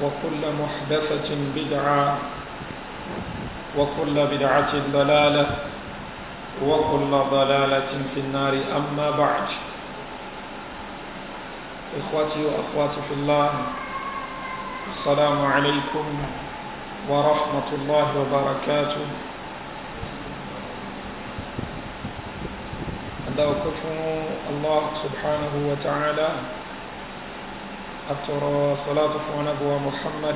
وكل محدثة بدعة وكل بدعة ضلالة وكل ضلالة في النار أما بعد إخوتي وأخواتي في الله السلام عليكم ورحمة الله وبركاته أدعوكم الله سبحانه وتعالى أترى صلاة فنبوة محمد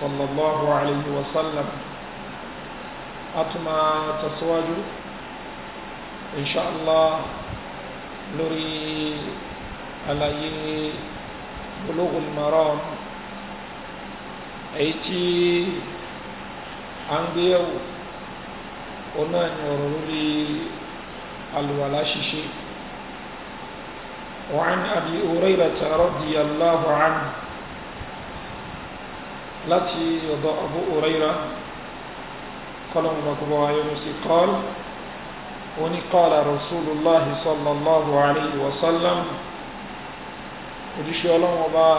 صلى الله عليه وسلم أتما تسواج إن شاء الله نري على بلوغ المرام أيتي أنبياء ونان ورولي الولا وعن أبي هريرة رضي الله عنه التي يضع أبو هريرة قال مكبوها يونس قال وني قال رسول الله صلى الله عليه وسلم ojúṣe ọlọ́run وبا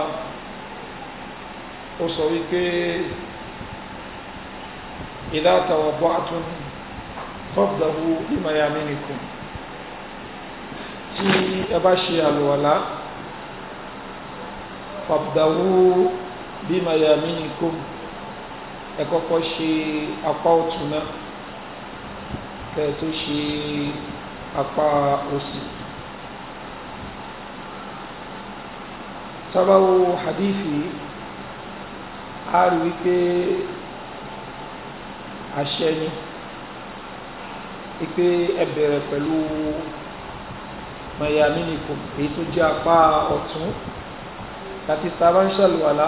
أصويك إذا wípé ìdá àtàwọn bọ́ tí ẹ bá ṣe àlùwàlá fàbdàwó bima yaminikum ẹ kọ́kọ́ ṣe apá ọ̀tún náà kẹ́ ẹ tó ṣe apá òsì. sábàwò hadithi a rí wípé àṣẹ ni wípé ẹ bẹ̀rẹ̀ pẹ̀lú mọ̀yà mímìkù èyí tó jẹ́ apá ọ̀tún láti sàbáńṣàlùwàlá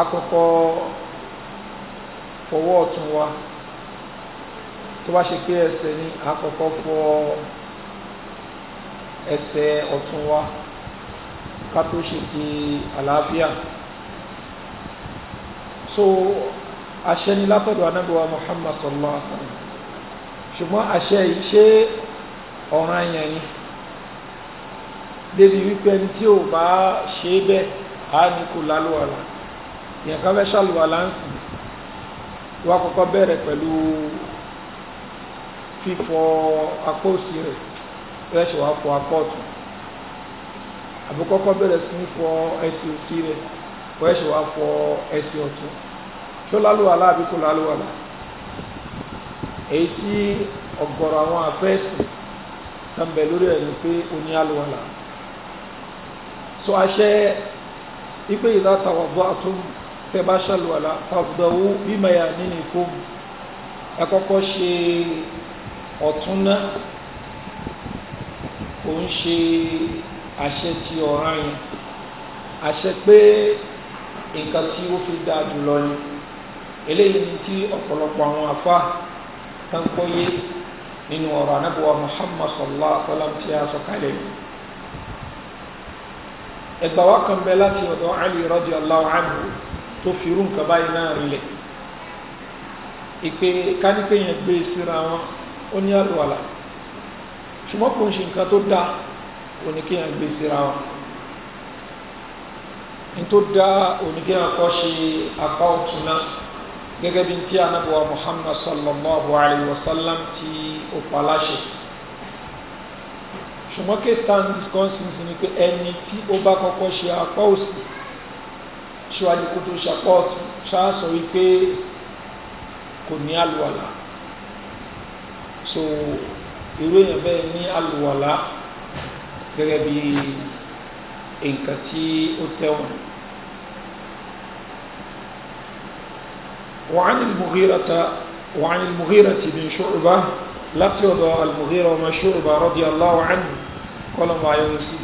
àkọ́kọ́ fọwọ́ ọ̀tún wa tó bá ṣe pé ẹsẹ̀ ni àkọ́kọ́ fọ ẹsẹ̀ ọ̀tún wa ká tó ṣe ti àlàáfíà so àṣẹ ni látọ̀dọ̀ anábíwá Muhammad sallallahu alaihi wa sallam ṣùgbọ́n àṣẹ yìí ṣe ọ̀ràn yẹn ni débi wípé ẹni tí ò bá ṣe é bẹ́ẹ̀ á ní kò lálùwàlà yẹn ká fẹ́ ṣàlùwàlà ń sìn wọ́n kọ́kọ́ bẹ̀rẹ̀ pẹ̀lú fífọ apá òsì rẹ̀ rẹ́ṣẹ̀ wá fọ apá ọ̀tún àbúkọ́kọ́ bẹ̀rẹ̀ sí ní fọ ẹsẹ̀ òsì rẹ̀ rẹ́ṣẹ̀ wá ẹsẹ̀ ọ̀tún tó lálùwàlà àbí kò lálùwàlà èyí tí ọ̀gọ̀rọ̀ àwọn àfẹ́sì kan bẹ̀ lórí ẹ̀ ni pé o ní àlùwàlà so àṣẹ ipe ìdátawà bọ́ àtún tẹ bá ṣàlùwàlà fàfùdàwó bímẹ̀yà nínú ìfún ẹ kọ́kọ́ ṣe ọ̀tún náà ò ń ṣe àṣẹ ti ọ̀ràn yẹn àṣẹ pé nǹkan tí ó fi dáa jùlọ ni eléyìí ni tí ọ̀pọ̀lọpọ̀ àwọn àfa kan kọ́ yé nínú ọ̀rọ̀ anábọ̀wá muhammad sallallahu alaihi wa sallam tí a sọ kalẹ̀ ẹgbà wa kan bẹ láti ọ̀dọ̀ ali radiyallahu anhu tó fi irú nǹkan báyìí náà rinlẹ̀ ìpè kánípé yẹn gbé e síra wọn ó ní àlùwàlà ṣùgbọ́n kò ń ṣe nǹkan tó dáa oníkéyàn gbé e síra wọn nítorí ó dá oníkéyàn kọ́ ṣe apá òtún náà gẹ́gẹ́ bí ti anábọ̀wá muhammad sallallahu alaihi wa sallam ti ó pa láṣẹ ṣùgbọ́n kétan disconsins ni pé ẹni tí ó bá kọ́kọ́ ṣe apá òsì ṣíwájú kó tó ṣapá ọ̀tún ṣáàsọ wípé kò ní àlùwàlà so irú èèyàn bẹ́ẹ̀ ní àlùwàlà gẹ́gẹ́ bí nǹkan tí ó tẹ̀wọ̀n. وعن المغيرة وعن المغيرة بن شعبة láti ọ̀dọ̀ al-Mughira ọmọ Shu'ba radiyallahu anhu kọ́lọ̀ máa yọ sí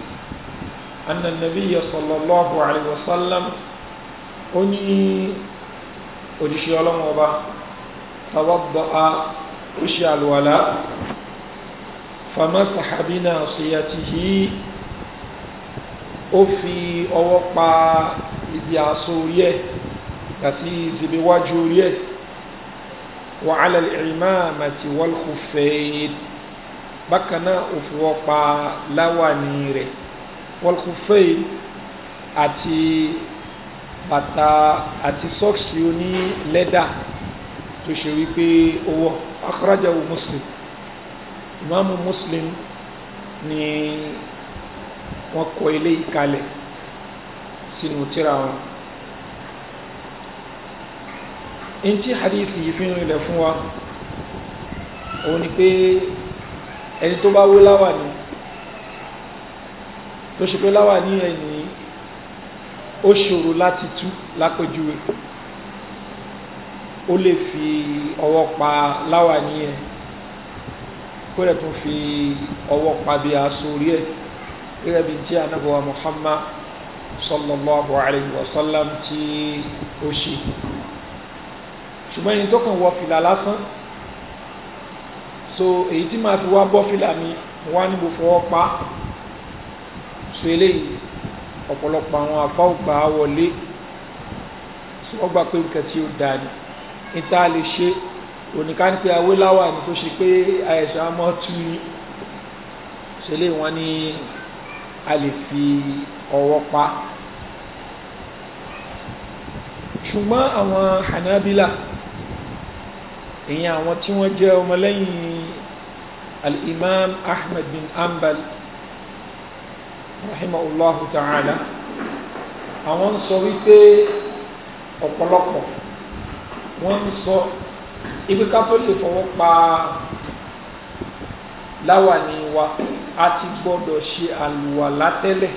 anna nabiyya sallallahu alayhi wa sallam ó ní òjíṣẹ́ ọlọ́mọ ọba tawadda'a ó ṣe àlùwàlá famasaha bi nasiyatihi ó fi ọwọ́ pa ibi àṣọ orí ẹ̀ àti ìzìbíwájú orí ẹ̀ وعلى العمامة والخفين بكنا أفوقا لوانير والخفين أتي bàtà àti sọ́ọ̀sì oní lẹ́dà tó ṣe wípé owó akhrajahu muslim ìmáàmù muslim ni wọ́n kọ ilé ìkalẹ̀ sínú tírà in tí hadith yìí fi ń rìnlẹ̀ fún wa òun ni pé ẹni tó bá wé láwàní tó ṣe pé láwàní ẹni ó ṣòro láti tú lápèjúwe ó lè fi ọwọ́ pa láwàní ẹ̀ kó rẹ̀ tún fi ọwọ́ pa bí aṣọ orí ẹ̀ gẹ́gẹ́ bí tí anábọ̀wá Muhammad sallallahu alayhi wa sallam tí ó ṣe ṣùgbọ́n ẹni tó kàn wọ fìlà lásán so èyí tí màá fi wá bọ́ fìlà mi mo wá níbo fọwọ́ pa so eléyìí ọ̀pọ̀lọpọ̀ àwọn afá ò gbà á wọlé tí wọ́n gbà pé nǹkan tí ó dáa ni níta lè ṣe oníkan pé awéláwà ni tó ṣe pé àìsàn amọ́ tú ni so eléyìí wọ́n ní a lè fi ọwọ́ pa ṣùgbọ́n àwọn Hanabila ìyẹn àwọn tí wọ́n jẹ́ ọmọlẹ́yìn al-imam ahmed bin ambal rahimahullahu ta'ala àwọn ń sọ wípé ọ̀pọ̀lọpọ̀ wọ́n ń sọ ibi ká tó lè fọwọ́ pa láwàní wa a ti gbọ́dọ̀ ṣe àlùwàlá tẹ́lẹ̀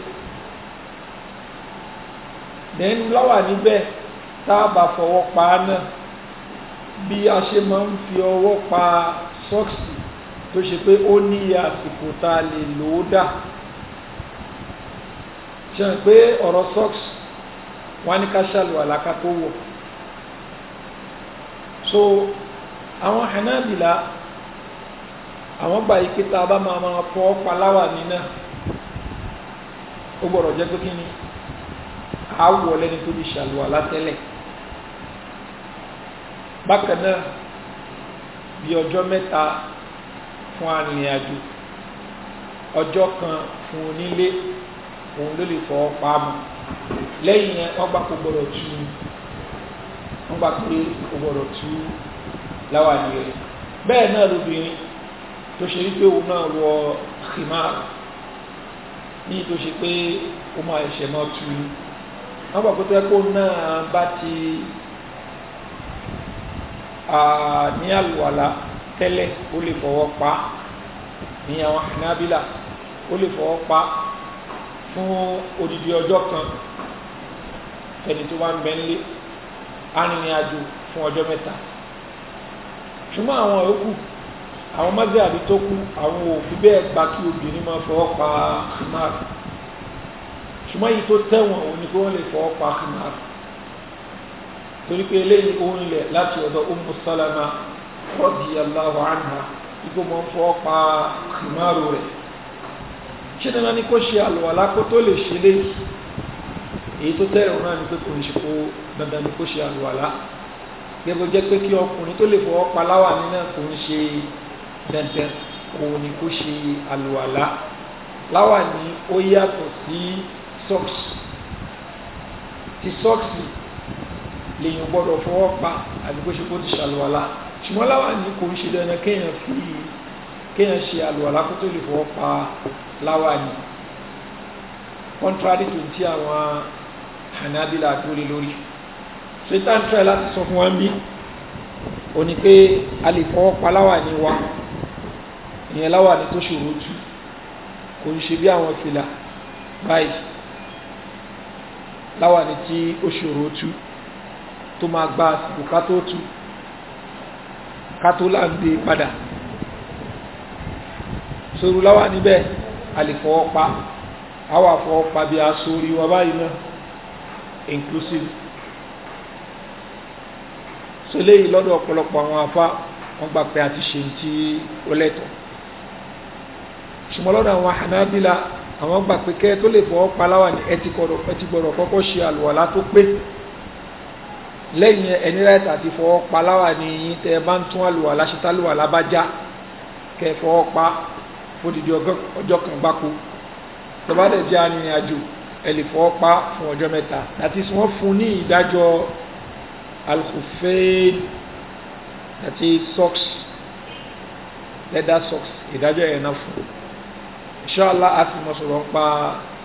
then láwàní bẹ́ẹ̀ tá a bá fọwọ́ pa náà bí a ṣe máa ń fi ọwọ́ pa sọ́ọ̀sì tó ṣe pé ó ní àsìkò tá a lè lò ó dà ṣe ń pé ọ̀rọ̀ sọ́ọ̀sì wọ́n ní ká ṣàlù àlàkà tó wọ̀ so àwọn hanabila àwọn gbà yìí pé tá a bá máa máa fọ́ paláwà nínà ó gbọ́dọ̀ jẹ́ pé kí ni àá lẹ́ni tó ti ṣàlù àlá bákan náà bí ọjọ́ mẹ́ta fún arìnrìn-àjò ọjọ́ kan fún onílé òun ló lè fọwọ́ pa á mọ́ lẹ́yìn yẹn wọ́n gbà kó gbọ́dọ̀ tú wọ́n gbà pé kó gbọ́dọ̀ tú láwàní rẹ̀ bẹ́ẹ̀ náà lóbìnrin tó ṣe wípé òun náà wọ khimar ní tó ṣe pé ó máa ẹ̀ṣẹ̀ tú wọ́n gbà pé kó náà bá ti ní àlùwàlà tẹ́lẹ̀ ó lè fọwọ́ pa ní àwọn hanabila ó lè fọwọ́ pa fún odidi ọjọ́ kan ẹni tó bá ń bẹ nílé arìnrìnàjò fún ọjọ́ mẹ́ta ṣùgbọ́n àwọn yòókù àwọn mọ́sẹ̀ àbí tó kú àwọn òfin bẹ́ẹ̀ gba kí obìnrin máa fọwọ́ pa ṣùgbọ́n èyí tó tẹ̀wọ̀n òun kí wọ́n lè fọwọ́ pa khimar torí pé eléyìí ó ń lẹ̀ láti ọ̀dọ̀ Ummu Salama radiyallahu anha igbó mọ́ fọ́ pa ìmáàrò rẹ̀ ṣé nínú ni kò ṣe àlùwàlá kó tó lè ṣe léyìí èyí tó tẹ́rẹ̀ òun náà ni pé kò ní ṣe kó dandan ni kó ṣe àlùwàlá gẹ́gẹ́ jẹ́ pé kí ọkùnrin tó lè fọwọ́ pa láwàní náà kò ń ṣe dandan kò ní kó ṣe àlùwàlá láwàní ó yàtọ̀ sí sọ́ọ̀sì ti sọ́ọ̀sì lèyìn gbọ́dọ̀ fọwọ́ pa àti bó ṣe kó ti ṣàlùwàlá ṣùgbọ́n láwàní kò ń ṣe dandan kéèyàn fi kéèyàn ṣe àlùwàlá kó tó lè fọwọ́ pa láwàní contrary to ti àwọn hanabila àdúrà lórí satan try láti sọ fún wa ń bí ó ní pé a lè fọwọ́ pa láwàní wa ìyẹn láwàní tó ṣòro jù kò ń ṣe bí àwọn fìlà báyìí láwàní tí ó ṣòro jù tó máa gba àsìkò ká tó tú ká tó láǹdé e padà sórí láwà níbẹ̀ àlèfọwọ́pa àwọn àfọwọ́pa bí a sórí wa báyìí náà inclusive sọlé yìí lọ́dọ̀ ọ̀pọ̀lọpọ̀ àwọn afá wọn gbà pé àti ṣe ti ó lẹ́tọ̀ ṣùgbọ́n lọ́dọ̀ àwọn Hanabila àwọn gbà pé kẹ́ tó lè fọwọ́pa láwà ní ẹtì gbọ́dọ̀ kọ́kọ́ ṣe àlùwàlá tó pé lẹ́yìn ẹni láìta àti fọwọ́ pa láwà ní yín tẹ́ bá ń tún àlùwà láṣetá àlùwà lábájá kẹ fọwọ́ pa fódìdí ọjọ́ kan gbáko tọ́ba dẹ̀ jẹ́ arìnrìn àjò ẹ fọwọ́ pa fún ọjọ́ mẹ́ta àti tí wọ́n fún ní ìdájọ́ alkhufain àti socks leather socks ìdájọ́ ẹ̀ náà fún inshallah a sì mọ̀ sọ̀rọ̀ ń pa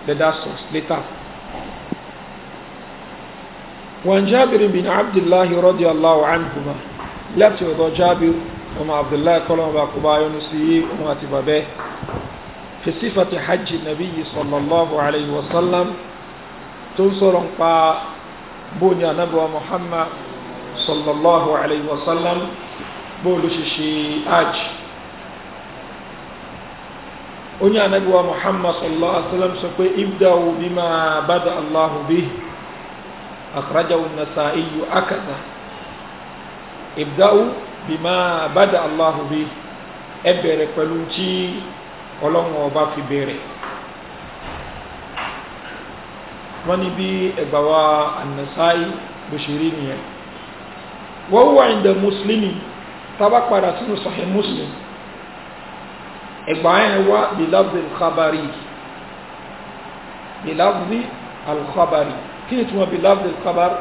leather socks later. وعن جابر بن عبد الله رضي الله عنهما láti ọ̀dọ̀ jábìr ọmọ abdullahi kọlọ́mọ bá kó bá yọnu sí òun àti bàbẹ́ fi sífàtì hajj nàbí yìí sallallahu alayhi wa sallam tó ń sọ̀rọ̀ ń pa bóyá anábọ̀ muhammad sallallahu alayhi wa sallam bóòlù ṣiṣẹ́ hajj onye anábọ̀ muhammad sallallahu alayhi wa sallam sọ pé ibdaw bima bada allahu bihi أخرجه النسائي هكذا ابدأوا بما بدأ الله به ẹbẹ̀rẹ̀ pẹ̀lú tí ọlọ́run ọba fi bẹ̀rẹ̀ wọ́n ní bí ẹgbàwa annasai bùsùrí nìyẹn wọ́n wà ìdẹ̀ muslimi tábà padà sínú sahih muslim ẹgbà yẹn wá bilabdi alkhabari bilabdi alkhabari kí ni túnmọ̀ beloved discover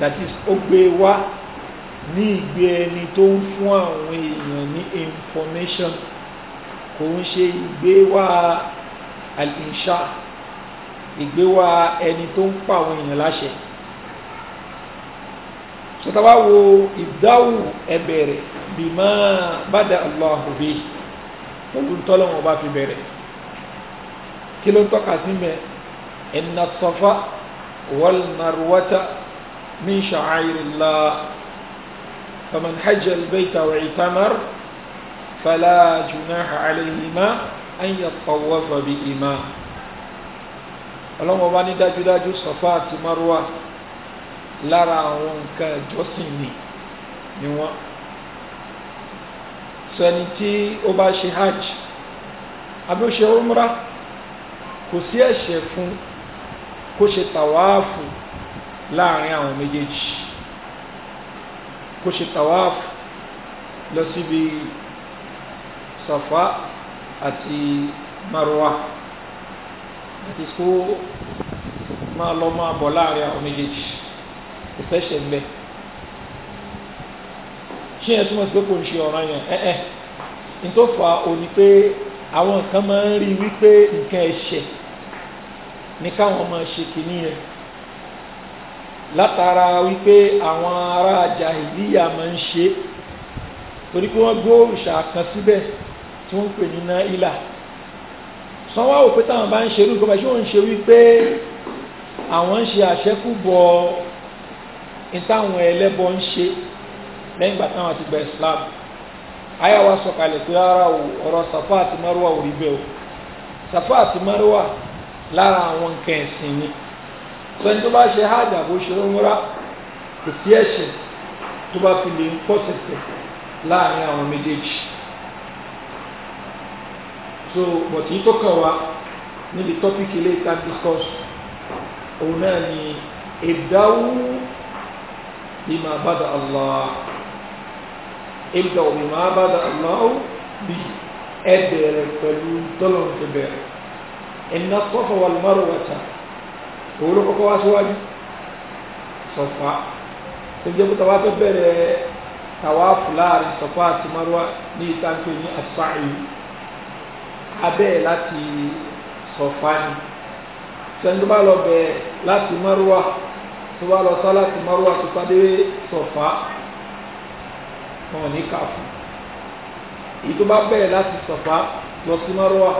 that is ó gbé wá ní ìgbé ẹni tó ń fún àwọn èèyàn ní information kò ń ṣe ìgbé wá al ìgbé wá ẹni tó ń pa àwọn èèyàn láṣẹ sọtaba wo ìdáwù ẹbẹ̀rẹ̀ bima bada Allahu bi pẹ̀lú tọ́lọ́wọ́n bá fi bẹ̀rẹ̀ kí ló ń tọ́ka sí mẹ́ ẹ̀nà sọfá والمروة من شعائر الله فمن حج البيت واعتمر فلا جناح عليهما أن يطوف بهما ọlọ́mọ bá ní dájúdájú sọ̀fà àti márùwà lára àwọn nǹkan ìjọsìn ni ni wọ́n sọ ẹni tí ó bá ṣe hajj àbí ó ṣe umra kò sí ẹ̀ṣẹ̀ fún un kó ṣe tàwáàfù láàrin àwọn méjèèjì kó ṣe tàwáàfù lọ síbi Safa àti Marwa àti kó máa lọ máa bọ̀ láàrin àwọn méjèèjì kò fẹ́ ṣe mbẹ́ ṣé ẹ túmọ̀ sí pé kò ń ṣe ọ̀ràn yẹn ẹ ẹ ní tó fà á ò ní pé àwọn kan máa ń rí wípé nǹkan ẹ̀ṣẹ̀ ní káwọn máa ṣe kìíní yẹn látara wípé àwọn ará ajá ìlíyà máa ń ṣe torí pé wọ́n gbé òrìṣà kan síbẹ̀ tí wọ́n ń pè ní náílà sanwó òpé táwọn bá ń ṣe irú nǹkan báyìí ṣé wọ́n ń ṣe wípé àwọn ń ṣe àṣẹ́kùbọ̀ ní táwọn ń ṣe lẹ́yìn ìgbà táwọn ti gba Islam ayáwa sọ̀kalẹ̀ pé rárá ọ̀rọ̀ Safa àti Marwa ò rí bẹ́ẹ̀ o Safa àti Marwa lára àwọn nǹkan ẹ̀sìn ni sẹ́ni tó bá ṣe hajj àbò ṣe umra kò sí ẹ̀ṣẹ̀ tó bá fi lè ń pọ̀ láàrin àwọn méjèèjì so bọ̀tí tó kàn wá níbi tọ́pìkì lè ta discuss òun náà ni ìdáwó bima bada Allah ìdáwó bima bada Allah bí ẹ bẹ̀rẹ̀ pẹ̀lú tọ́lọ̀ tó bẹ̀rẹ̀ inna safa wal marwata òun ló kọ́kọ́ wá síwájú sọ̀fà tó jẹ́ pípa wá fẹ́ bẹ̀rẹ̀ tàwáàfù láàrin sọ̀fà àti marwa ní ìtànkì ní asáì abẹ́ láti sọ̀fà ni sẹ́ni tó bá lọ bẹ̀ láti marwa tó bá lọ sá láti marwa tó padé sọ̀fà wọn ò ní kà fún ìtò bá bẹ̀rẹ̀ láti sọ̀fà lọ sí marwa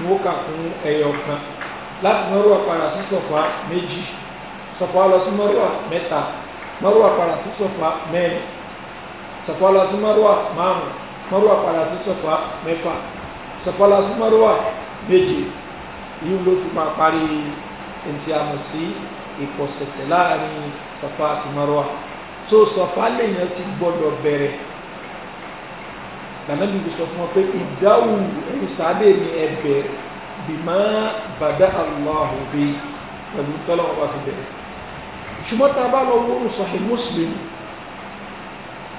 ni ó kà fún ẹyọ kan láti mọ́rùwà padà sí sọ̀fà méjì sọ̀fà lọ sí mọ́rùwà mẹ́ta mọ́rùwà padà sí sọ̀fà mẹ́rin sọ̀fà lọ sí mọ́rùwà márùn mọ́rùwà padà sí sọ̀fà mẹ́fà sọ̀fà lọ sí mọ́rùwà méje yìí ló fi máa parí ntí a mọ̀ sí ìpọ̀sẹ̀tẹ̀ láàrin sọ̀fà àti mọ́rùwà tó sọ̀fà lẹ́yìn ti gbọ́dọ̀ bẹ̀rẹ̀ nànàbí bí sọ fún wọn pé ìdáwù ẹ̀yìn sáadé ni ẹ̀bẹ̀ bìmá bàdá aláhùn bí pẹ̀lú tọ́lọ́ ọba ti bẹ̀rẹ̀ ṣùgbọ́n tá a bá lọ wọ́n Sahih Muslim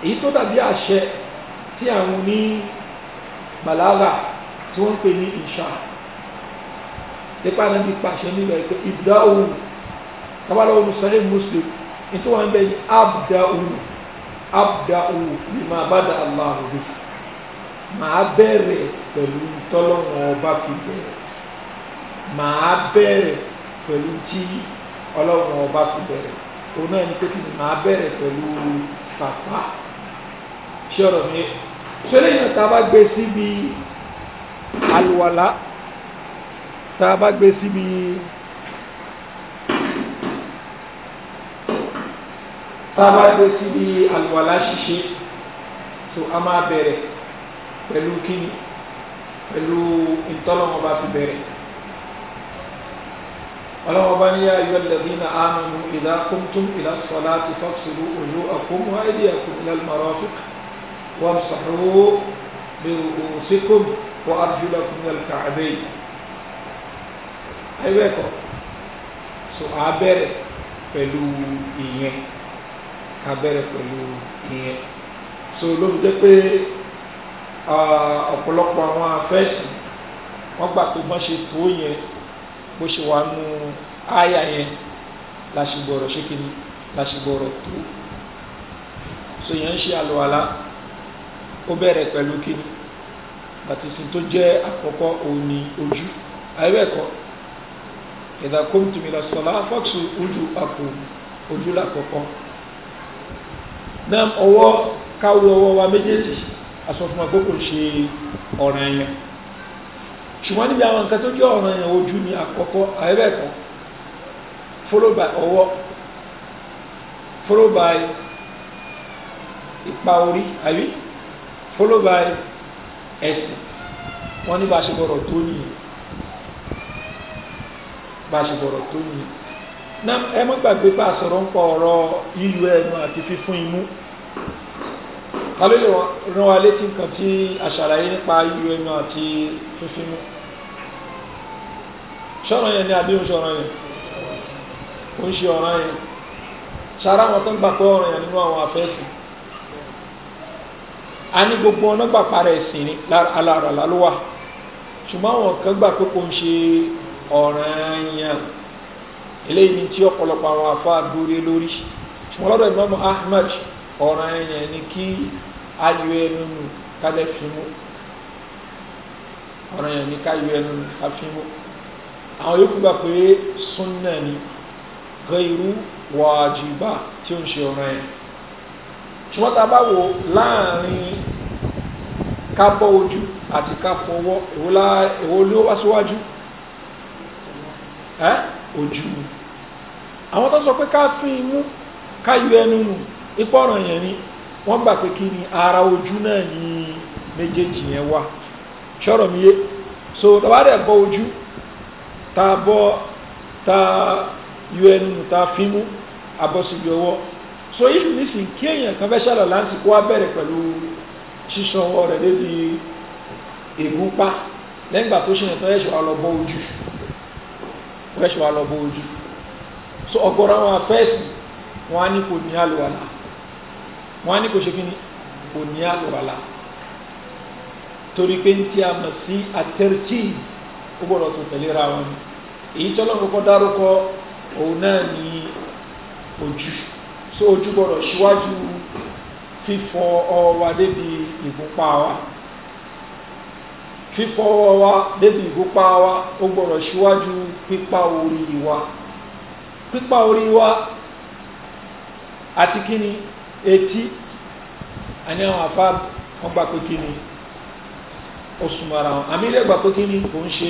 èyí tó dàbí àṣẹ tí àwọn ní balaga tí wọ́n ń pè ní ìṣà nípa náà ti pàṣẹ nílẹ̀ pé ìdáwù tá a bá lọ wọ́n Sahih Muslim nítorí wọn bẹ ní abdáwù abdáwù bìmá bàdá aláhùn bí màá bẹ̀rẹ̀ pẹ̀lú tọ́lọ́run ọba fi bẹ̀rẹ̀ màá bẹ̀rẹ̀ pẹ̀lú tí ọlọ́run ọba fi bẹ̀rẹ̀ òun náà ní pé kí ni màá bẹ̀rẹ̀ pẹ̀lú pàpà ṣé ọ̀rọ̀ mi ṣẹlẹ̀ yìí tá a bá gbé síbi àlùwàlá tá a bá gbé síbi. tá a bá gbé síbi àlùwàlá ṣíṣe so a máa bẹ̀rẹ̀ pẹ̀lú kíni pẹ̀lú ìtọ́lọ́wọ́n bá fi bẹ̀rẹ̀ ọlọ́wọ́n bá ní ayọ́ lẹ́bínà ámànú ìlà kúntùm ìlà sọ́lá ti fọ́ksìlú òyó àkúm wá ìdí àkúm ilẹ̀ mọ́rọ́fík wọ́n sàrúwó bẹ̀rù òsìkúm wọ́n arjúlá kún ilẹ̀ kàbẹ́ ẹgbẹ́kọ̀ so a bẹ̀rẹ̀ pẹ̀lú ìyẹn a bẹ̀rẹ̀ pẹ̀lú ìyẹn so ló jẹ́ pé ọ̀pọ̀lọpọ̀ àwọn afẹ́sì wọ́n gbà pé bọ́n ṣe tó yẹn bó ṣe wà nù áyà yẹn láṣìgbọ̀rọ̀ ṣé kìíní láṣìgbọ̀rọ̀ tó so yẹn ń ṣe àlùwàlá ó bẹ̀rẹ̀ pẹ̀lú kìíní bàtìsí tó jẹ́ àkọ́kọ́ òun ni ojú àìbẹ̀kọ́ ìdá kóńtùmí lọ sọlá fọ́ọ̀sù ojú àpò ojú lákọ̀ọ́kọ́ náà ọwọ́ káwọ́ ọwọ́ wa méjèèjì aṣọ fún wọn pé kò ṣe ọ̀ràn yẹn ṣùgbọ́n níbi àwọn nǹkan tó jẹ́ ọ̀ràn yẹn ojú ni àkọ́kọ́ àyẹ́bẹ̀ẹ̀kọ́ followed by ọwọ́ followed by ipa orí àbí followed by ẹsẹ̀ wọ́n ní bá ṣe gbọ́dọ̀ tó nìyẹn bá ṣe gbọ́dọ̀ tó nìyẹn ẹ mọ́ gbàgbé bá ń pa ọ̀rọ̀ yíyọ ẹnu àti fífún imú ta ló lè rán wa létí nǹkan tí a ṣàlàyé nípa yíyọ ẹnu àti fífín mú yẹn ni àbí ń ṣọ́ràn yẹn ó ń ṣe ọ̀ràn yẹn ṣara àwọn tó ń gbà pé ọ̀ràn yẹn nínú àwọn afẹ́sì a ní gbogbo ọ̀nà gbà para ẹ̀sìn ni alára ló wà ṣùgbọ́n àwọn kan gbà pé kò ń ṣe ọ̀ràn yẹn eléyìí ni tí ọ̀pọ̀lọpọ̀ àwọn afá dúró lórí ṣùgbọ́n lọ́dọ̀ Imam Ahmad ọ̀ràn ẹ̀yàn ni kí ayọ ẹnu nù kálẹ̀ fi mú ọ̀ràn ẹ̀yàn ni káyọ ẹnu nù ká fi mú àwọn yòókù gbà pé súnnà ni gairu wàjìbá tí ó ń ṣe ọ̀ràn ẹ̀yàn ṣùgbọ́n tá a bá wò láàrin ká bọ́ ojú àti ká fọwọ́ èwo ló wá síwájú ojú àwọn tó sọ pé ká fi imú ká yọ ẹnu nù ìpọ̀ràn yẹn ni wọ́n gbà pé kí ni ara ojú náà ní méjèèjì yẹn wà ṣọ́rọ̀ mi yé so tàbá dẹ̀ bọ́ ojú ta bọ́ ta yọ ẹnu ta fímú abọ́síbi ọwọ́ so ìlú nísìn kí èèyàn kan fẹ́ ṣàlọ̀ láti kó wá bẹ̀rẹ̀ pẹ̀lú ṣíṣan ọwọ́ rẹ̀ débi ègúnpá lẹ́yìn tó ṣe tán ẹ̀ṣọ́ alọ́bọ́ ojú ẹ̀ṣọ́ alọ́bọ́ ojú so ọ̀gọ̀rọ̀ àwọn afẹ́ẹ̀sì wọn á ní kò ní àlùwàlà wọ́n á ní kò ṣe kí ni kò ní àlùwàlà torí pé ń tí a mọ̀ sí àtẹ́rìtì ó gbọ́dọ̀ tó tẹ̀lé ra wọn èyí tọ́lọ́ kọ́kọ́ dárúkọ òun náà ní ojú so ojú gbọ́dọ̀ síwájú fífọ ọwọ́ wa débi ìgúnpá wa fífọ ọwọ́ wa débi ìgúnpá wa ó gbọ́dọ̀ síwájú pípa orí wa pípa orí wa àti kíni eti àní àwọn àfa wọn gbà pé kí ni ó súnmọ́ ara wọn àmì lè gbà pé kí ni kò ń ṣe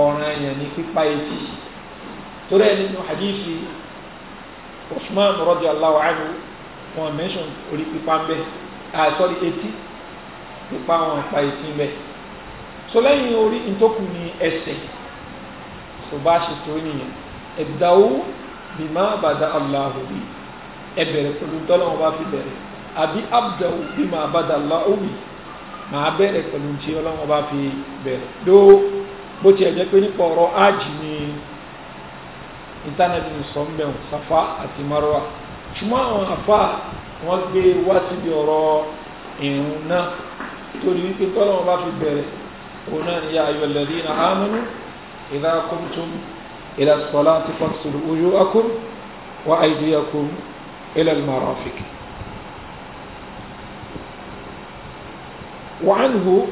ọ̀ràn èèyàn ní pípa etí torí ẹni nínú hadithi Usman radiyallahu anhu wọn mẹ́sàn orí pípa ń bẹ àsọ́rí ah, etí pípa wọn pa etí ń bẹ so lẹ́yìn orí ìtòkù ní ẹsẹ̀ tó bá ṣe tó nìyẹn ẹ̀dáwó bima bada Allahu bi ẹ bẹ̀rẹ̀ pẹ̀lú tọ́lọ́ wọn bá fi bẹ̀rẹ̀ àbí abdul bí màá bàdà láwùí màá bẹ̀rẹ̀ pẹ̀lú tí ọlọ́wọ́n bá fi bẹ̀rẹ̀ ló bó tiẹ̀ jẹ́ pé nípa ọ̀rọ̀ ájì ni íńtánẹ́ẹ̀tì ní safa àti marwa ṣùgbọ́n àwọn afa wọ́n gbé wá síbi ọ̀rọ̀ ìrùn náà torí wípé tọ́lọ́wọ́n bá fi bẹ̀rẹ̀ òun náà ni yā ayyuhalladhīna āmanū idhā qumtum ilā ṣ-ṣalāti faghsilū wujūhakum wa aydiyakum إلى المرافق وعنه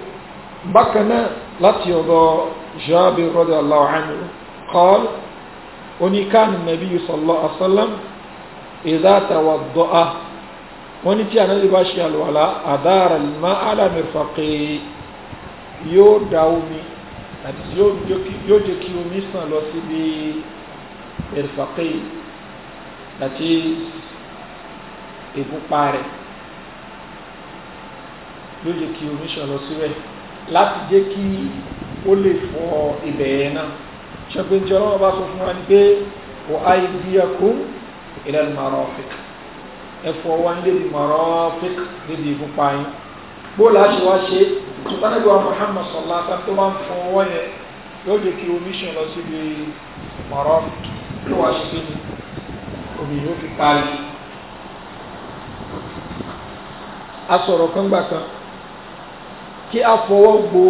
بكنا لطيضا جابر رضي الله عنه قال وني كان النبي صلى الله عليه وسلم إذا توضأ وني تيانا لباشي الولاء أدار الماء على مرفقه yóò da omi àti yóò jẹ́ kí omi sàn lọ síbi ẹ̀fàkì ìfúnpá rẹ̀ ló jẹ́ kí omi ṣàn lọ síbẹ̀ láti jẹ́ kí ó lè fọ ibẹ̀ yẹn náà ṣọ́gbé jẹ́ ọlọ́wọ́ bá sọ fún wa ní pé wọ́n á yí bí ẹkún ìlànà marafiq ẹ̀fọ́ wa ń débi marafiq débi ìfúnpá yín bó láti wá ṣe ìtúntánẹ́gbẹ̀ wa Muhammad sallallahu alaihi tó máa ń fọ ọwọ́ yẹn yóò jẹ́ kí omi ṣàn lọ síbi marafiq ló wá ṣe kí ni omi yóò fi parí. asọ̀rọ̀ kan gba kan kí a fọwọ́ gbo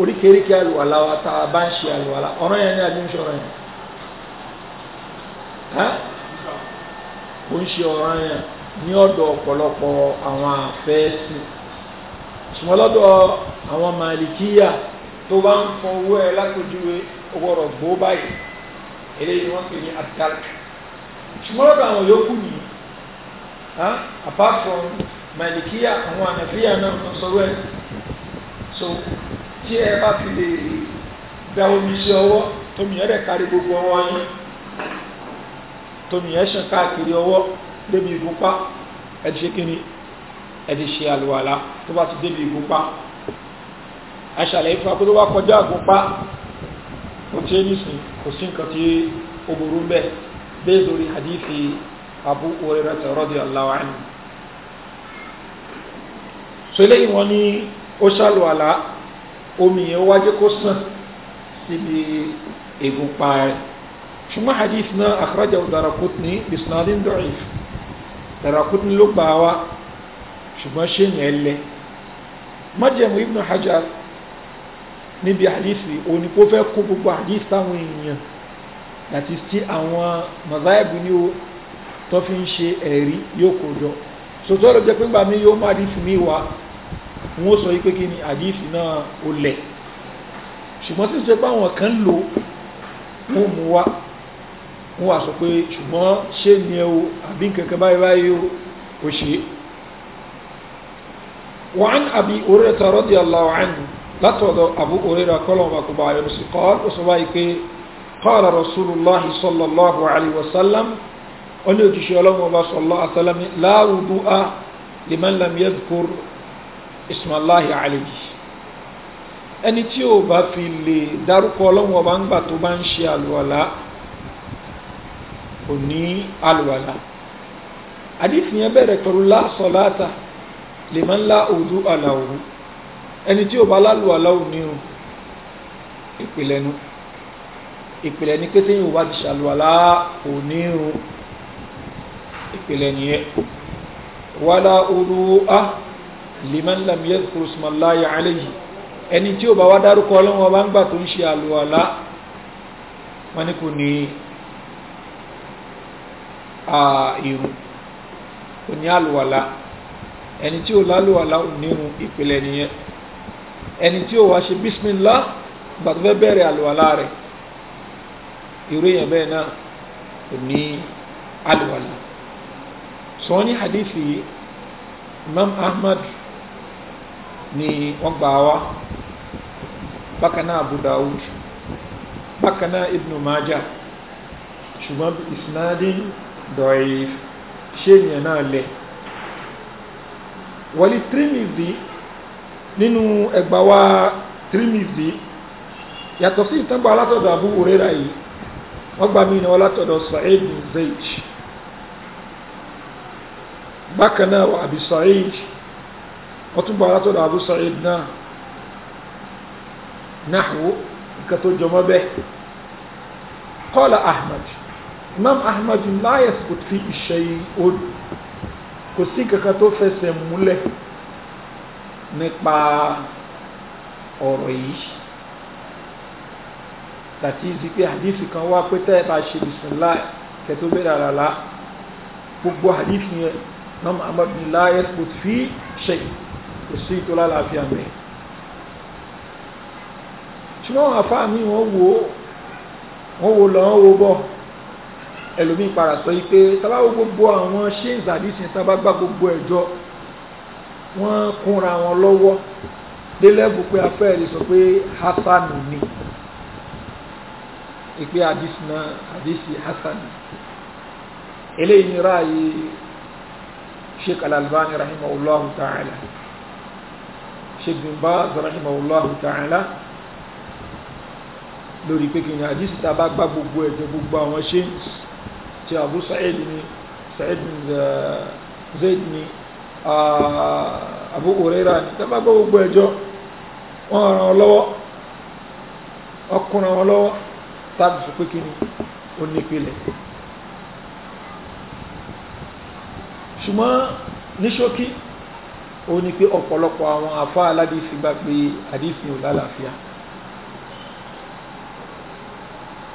oríkèéríkèé àlùwàlá wa tá a bá ń ṣe àlùwàlá ọ̀rọ̀ yẹn ni àbí ń yẹn kò ń ṣe ọ̀rọ̀ yẹn ní ọ̀dọ̀ ọ̀pọ̀lọpọ̀ àwọn àfẹ́sì ṣùgbọ́n lọ́dọ̀ àwọn màlìkíyà tó bá ń fọ owó ẹ lákòjúwe ọgbọ̀rọ̀ gbó báyìí eléyìí wọ́n pè ní ṣùgbọ́n lọ́dọ̀ màlìkíyà àwọn ànàfíyà náà kan sọ̀rọ̀ ẹ̀ so tí ẹ bá fi lè gba omi sí ọwọ́ tómi ẹ̀ rẹ̀ kárí gbogbo ọwọ́ yín tómi ẹ̀ ṣàn káàkiri ọwọ́ débi ìgúnpá ẹ ti ṣe kí ni ẹ ti ṣe àlùwàlá tó bá ti débi ìgúnpá aṣàlẹ̀ ìfà tó wá kọjá àgúnpá ó tí é nìsìn kò sí nǹkan tí ó burú bẹ́ẹ̀ bẹ́ẹ̀ lórí hadithi abu orí rẹ̀ tẹ̀rọ́dì aláwọ̀ àìyàn so eléyìí wọn ní ó ṣàlù àlá omi yẹn wájú kó sàn síbi egunpa rẹ̀ ṣùgbọ́n hadith náà akhrajahu Daraqutni bisnadin da'if Daraqutni ló gbà wá ṣùgbọ́n ṣé yẹn lẹ májẹ̀mú ibnu hajar níbi hadisi òní kó fẹ́ kó gbogbo hadisi táwọn èèyàn àti tí àwọn mazaibu ni ó tó fi ń ṣe ẹ̀rí yóò kó jọ sòtọ́ jẹ́ pé gbàmí yóò má hadisi mi wá wọ́n sọ wípé kí ni àdífì náà ó lẹ̀ ṣùgbọ́n tí ó sọ pé àwọn kan lò wọ́n mú wá wọ́n wà sọ pé ṣùgbọ́n ṣé ni ẹ o àbí nkankan báyìí báyìí o kò ṣe wọ́n àbí Hurairah radiyallahu anhu látọ̀dọ̀ Abu Hurairah kọ́lọ̀mù àkùbà ayọ̀rọ̀ sí kọ́ ó sọ báyìí pé qala rasulullahi ismaláhi alayhi ẹni tí ó bá fi lè dárúkọ ọlọ́run ọba ń gbà tó bá ń ṣe àlùwàlá kò ní àlùwàlá àdìsí yẹn bẹ̀rẹ̀ pẹ̀lú lásọ̀láta lè máa ń lá òdu àlàwò ẹni tí ó bá lálùwàlá ò ní ìpìlẹ̀ nu ìpìlẹ̀ ni pé téèyàn ò bá ti ṣàlùwàlá ò ní ìpìlẹ̀ nìyẹn wàlá òdu àlàwò liman lam yadhkur ismallahi alayhi ẹni tí ó bá wá dárúkọ ọlọ́run ọba ń gbà tó ń ṣe àlùwàlá wọn ni kò ní irun kò ní àlùwàlá ẹni tí ó lálùwàlá ò ní irun ìpìlẹ̀ nìyẹn ẹni tí ó wá ṣe bísmìlá gbà tó fẹ́ bẹ̀rẹ̀ àlùwàlá rẹ̀ irú èèyàn bẹ́ẹ̀ náà kò ní àlùwàlá sọ ní hadithi Imam Ahmad ni wọ́n gbà wá bákanáà abu dawud bákanáà ibn maja ṣùgbọ́n isnadin da'if ṣe èèyàn náà lẹ̀ wali tirmidhi nínú ẹgbà wa tirmidhi yàtọ̀ sí ìtàgbà látọ̀dọ̀ abu huraira yìí wọ́n gbà mí ní wọ́n látọ̀dọ̀ sa'id bin zayd bákanáà wa abi wọ́n tún gbára tó dàbú Sa'id náà náhù nǹkan tó jọmọ́ bẹ́ẹ̀ qala Ahmad Imam Ahmad la yasqut fi shay'un kò sí kankan tó fẹsẹ̀ múlẹ̀ nípa ọ̀rọ̀ yìí tàti ìsì pé hadisi kan wá pé tẹ́ bá ṣe bismillah kẹtó bẹ̀rẹ̀ àràlá gbogbo hadisi yẹn Imam Ahmad la yasqut fi shay'un kò sí ìtọ́lá láàfíà mẹ́ ṣùgbọ́n àfáà mi wọ́n wo wọ́n wo lọ́n wo bọ́ ẹlòmí padà sọ yí pé tábàwọ́ gbogbo àwọn ṣéǹs àdìsìn tábàgbà gbogbo ẹ̀jọ́ wọ́n kúnra wọn lọ́wọ́ délẹ́bù pé afẹ́ rí sọ pé hasan ni ìpè àdìsìn náà àdìsìn eléyìí ni ráàyè sheikh al-albani rahimahullahu ta'ala Sheikh bin Baz rahimahullahu ta'ala lórí pé kìnìún àdìsí tá a bá gbá gbogbo ẹ̀jẹ̀ gbogbo àwọn ṣe ti Abu Sa'id ni Sa'id bin eh, Zaid ni Abu Huraira ni tá a bá gbá gbogbo ẹ̀jọ́ wọ́n ràn ọ́ lọ́wọ́ ọkùnrin wọn lọ́wọ́ tábì sọ pé kìnìún ó nípìnlẹ̀ ṣùgbọ́n ní ṣókí ó ní pé ọ̀pọ̀lọpọ̀ àwọn afá aládìsí gbà pé àdìsí ò lálàáfíà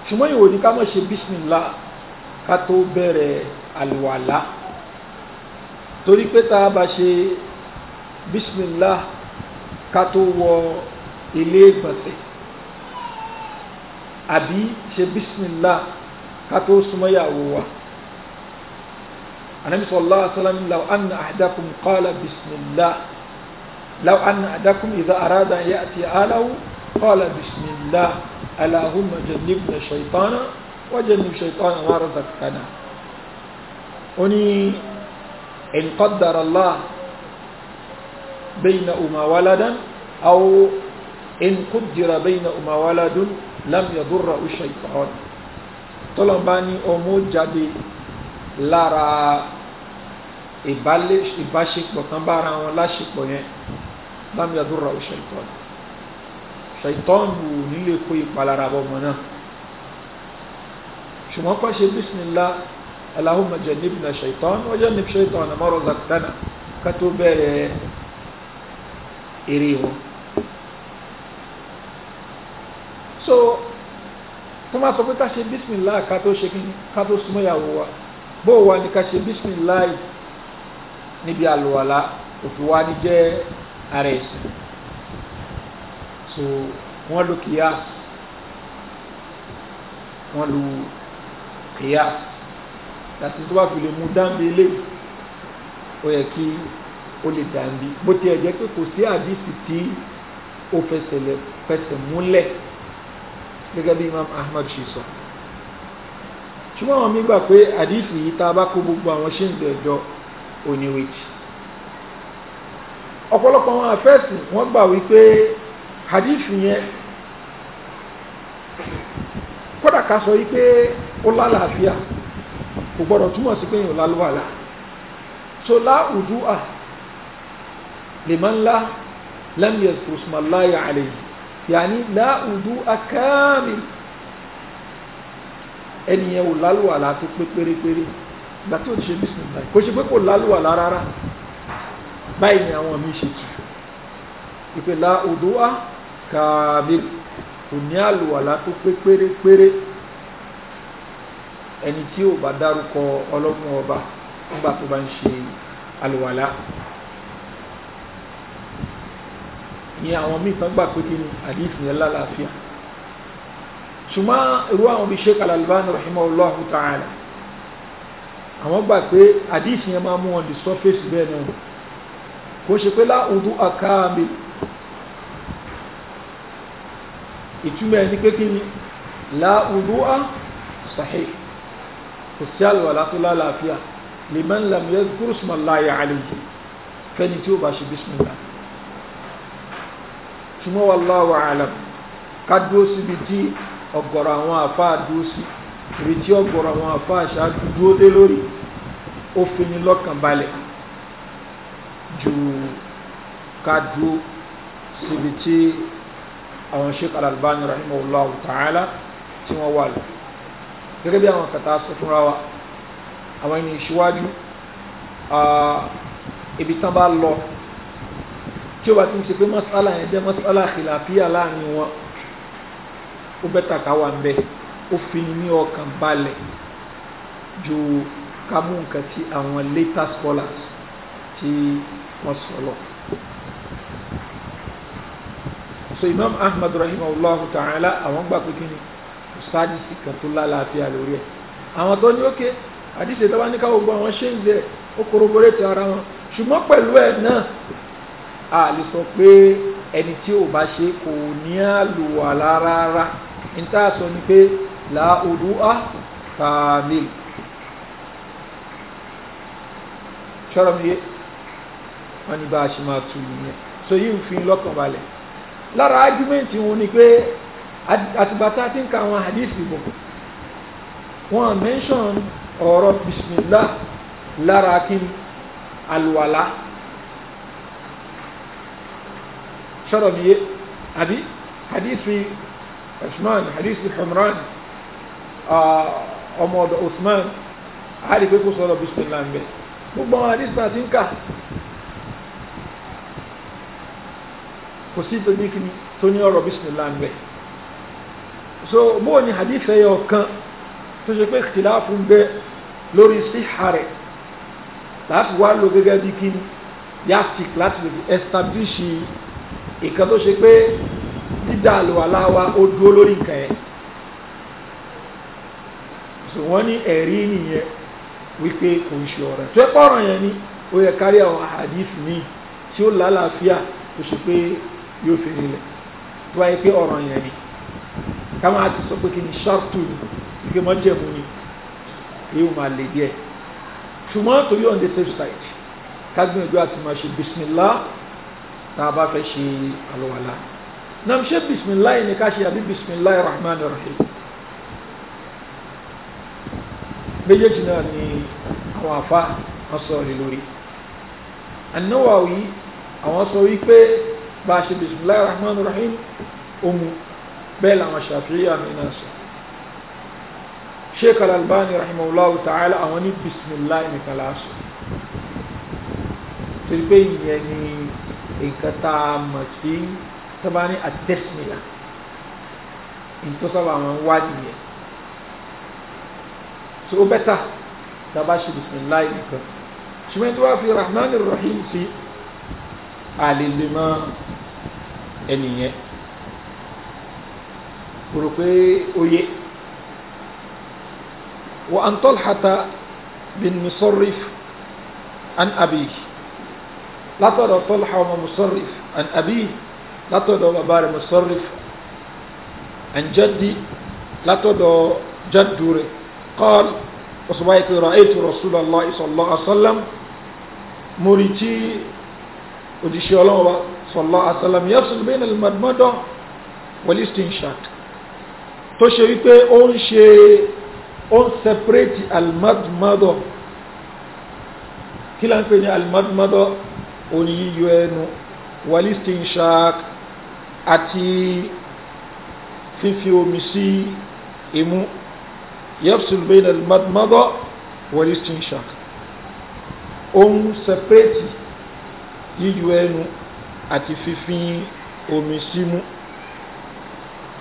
ṣùgbọ́n ìwò ní ká mọ̀ ṣe bísímìlá ká tó bẹ̀rẹ̀ àlùwàlá torí pé tá a bá ṣe bísímìlá ká tó wọ ilé ìgbọ̀nsẹ̀ àbí ṣe bísímìlá ká tó súnmọ́ wa anabi sallallahu alaihi wasallam law anna ahdakum qala bismillah law anna ahdakum idha arada ya'ti alahu qala bismillah allahumma jannibna shaytana wa jannib shaytana ma razaqtana oni in qaddara allah بينهما ولدا أو إن قدر بينهما ولد لم يضره الشيطان طلباني أمو جدي lára ìbáṣepọ̀ kan bára wọn láṣepọ̀ yẹn lámì àdúrà ṣẹ̀tọ́n ṣẹ̀tọ́n bù nílé kó ìpalára ọmọ náà ṣùgbọ́n pàṣẹ bísínílá aláhùnmá jẹ̀nìbìnà ṣẹ̀tọ́n wọ́n jẹ́nìb ṣẹ̀tọ́n àmọ́rọ̀ zakitana ká tó bẹ̀rẹ̀ eré wọn. so tó máa sọ pé ká ṣe ká tó ṣe kí ká tó súnmọ́ ìyàwó wa bó wà ní ká ṣe bísímìláì níbi àlùwàlá òfin wa ní jẹ́ ara ẹ̀sìn so wọ́n lu kìíyàs wọ́n lu kìíyàs láti tó bá fi lè mú dáńbé lé ó yẹ kí ó lè dáńbé bó tiẹ̀ jẹ́ pé kò sí àdìsí tí ó fẹsẹ̀ múlẹ̀ gẹ́gẹ́ bí Imam Ahmad ṣe sọ. So ṣùgbọ́n àwọn mi gbà pé àdìsí yìí tá a bá kó gbogbo àwọn ṣe ń gbẹ̀jọ oníwèjì ọ̀pọ̀lọpọ̀ àwọn àfẹ́sì wọ́n gbà wípé àdìsí yẹn kódà ká sọ wípé ó lálàáfíà kò gbọ́dọ̀ túmọ̀ sí pé èèyàn lálùwàlà so láwùjú lè máa ń lá lẹ́mìí ẹ̀sùn yàní láwùjú àkáàmì ẹnìyẹn ò lálùwàlá tó pé pérépéré ìgbà tí ó ti ṣe bísímìlá kò ṣe pé kò lálùwàlá rárá báyìí ni àwọn míì ṣe tù ìpèlà òdòwà kààbí kò ní àlùwàlá tó pé pérépéré ẹni tí ò bá dárúkọ ọlọ́mú ọba nígbà tó bá ń ṣe àlùwàlá ìyẹn àwọn míì tán gbà pé kí ni àdìsí yẹn lálàáfíà ṣùgbọ́n irú àwọn bíi sheikh al-albani rahimahullah ta'ala àwọn gbà pé àdìsí yẹn máa mú wọn di surface bẹ́ẹ̀ náà kò ṣe pé láwùdú àkáàmì ìtumọ̀ ẹni pé kí ni láwùdú à sahih kò sí àlùwàlá tó lálàáfíà liman lam yadhkur ismallahi alayhi fẹ́ni tí ó bá ṣe bismillah ṣùgbọ́n wallahu a'lam ká dúró síbi tí ọ̀gọ̀rọ̀ àwọn àfáà dúró sí ibi tí ọ̀gọ̀rọ̀ àwọn àfáà ṣáájú dúró dé lórí ó fi ní lọ́kàn balẹ̀ ju ká dúró síbi tí àwọn sheikh al-albani rahimahullah ta'ala tí wọ́n wà lọ gẹ́gẹ́ bí àwọn kàtà sọ fúnra wa àwọn ẹni ìṣíwájú ibi tán bá lọ tí ó bá ti ń ṣe pé masala yẹn jẹ́ masala khilafiyya láàrin wọn ó bẹ́tà ká wà ń ó fi ní ọkàn balẹ̀ ju ká mú nǹkan tí àwọn later scholars tí wọ́n sọ lọ. so Imam Ahmad rahimahullah ta'ala àwọn gbà pé kí ni kò sáàdì sí kan tó lálàáfíà lórí ẹ̀ àwọn tó ní òkè àdìsẹ̀ tó bá ní káwọn gbọ́ àwọn ṣé ń zẹ̀ ó korobore ti ara wọn ṣùgbọ́n pẹ̀lú ẹ̀ náà a lè sọ pé ẹni tí ò bá ṣe kò ní àlùwàlá rárá ń tá a sọ ni pé làódù á kàmí ṣọ́rọ̀ mi yé wọ́n ní bá a ṣe máa tu nìyẹn so yìí ń fi lọ́kàn balẹ̀ lára ájúmẹ́ǹtì wọn ni pé àtìgbà tá ti ń ka àwọn hadisi bọ̀ wọ́n mention ọ̀rọ̀ bismillah lára kí alwala ṣọ́rọ̀ mi yé àbí hadisi Uthman hadith Humran ah, ọmọ ọ̀dọ̀ Uthman àárí pé kó sọ̀rọ̀ bismillah ń bẹ gbogbo àwọn hadith náà ti ń kà kò sí ìtòjú kìíní tó ní ọ̀rọ̀ bismillah ń bẹ so bóò ni hadith ẹyọ kan tó ṣe pé ikhtilafu ń bẹ lórí síhà rẹ̀ láti wá lo gẹ́gẹ́ bí kìíní yastik láti lè fi establish ìkan tó ṣe pé dídá àlùwàlá wa ó dúró lórí nǹkan yẹn so wọ́n ní ẹ̀rí nìyẹn wípé kò ń ṣe ọ̀rọ̀ tó ẹ̀pọ̀ ọ̀rọ̀ yẹn ni ó yẹ kárí àwọn àdìsí mi tí ó lálàáfíà tó ṣe pé yóò fi rinlẹ̀ tó wáyé pé ọ̀rọ̀ yẹn ni ká máa sọ pé kí ni ṣáàtù ni ìgbé mọ́jẹ̀mú ni èyí máa lè díẹ̀ ṣùgbọ́n torí on the safe side ká gbìyànjú àti máa ṣe bismillah tá a bá fẹ́ ṣe àlùwàlá nam ṣe bisimilayi ni ká ṣe àbí bisimilayi rahman rahim méjèèjì náà ni àwọn àfa wọn sọ rí lórí anáwàwí àwọn sọ wípé bá a ṣe bisimilayi rahman rahim omu bẹ́ẹ̀ làwọn ṣàfihàn mi náà sọ sheikh al-albani rahimahullahu ta'ala àwọn ní bisimilayi ni kala sọ pé ìyẹn ni nǹkan tá a mọ̀ sí tó bá ní àtẹ́sìmìlà ní tó sábà máa ń wá nìyẹn so ó bẹ́tà tá a bá ṣe bisimilayi nìkan ṣùgbọ́n tó wá fi rahman rahim sí àlèlè ẹnìyẹn kò pé ó yẹ wa an bin Musarrif an abiy látọ̀dọ̀ Talha ọmọ an abiy látọ̀dọ̀ bàbá rẹ̀ musarrif an jaddi látọ̀dọ̀ jaddu rẹ̀ qal ọ̀sọ̀bá ìpè ra'aytu rasulullahi sallallahu alaihi wasallam mo rí tí òjíṣẹ́ ọlọ́wọ́ sallallahu alaihi wasallam yasul bayna al-madmada wal istinshaq tó ṣe wípé ó ń ṣe ó separate al-madmada kí la ń pè ní wal istinshaq àti fífi omi sí imú yẹ́pùsùn bẹ́ẹ̀ lẹ́lẹ́mọ́dọ́ wọlé stinshak ohun sẹpẹ́rẹ́tì yíyú ẹnu àti fífi omi símú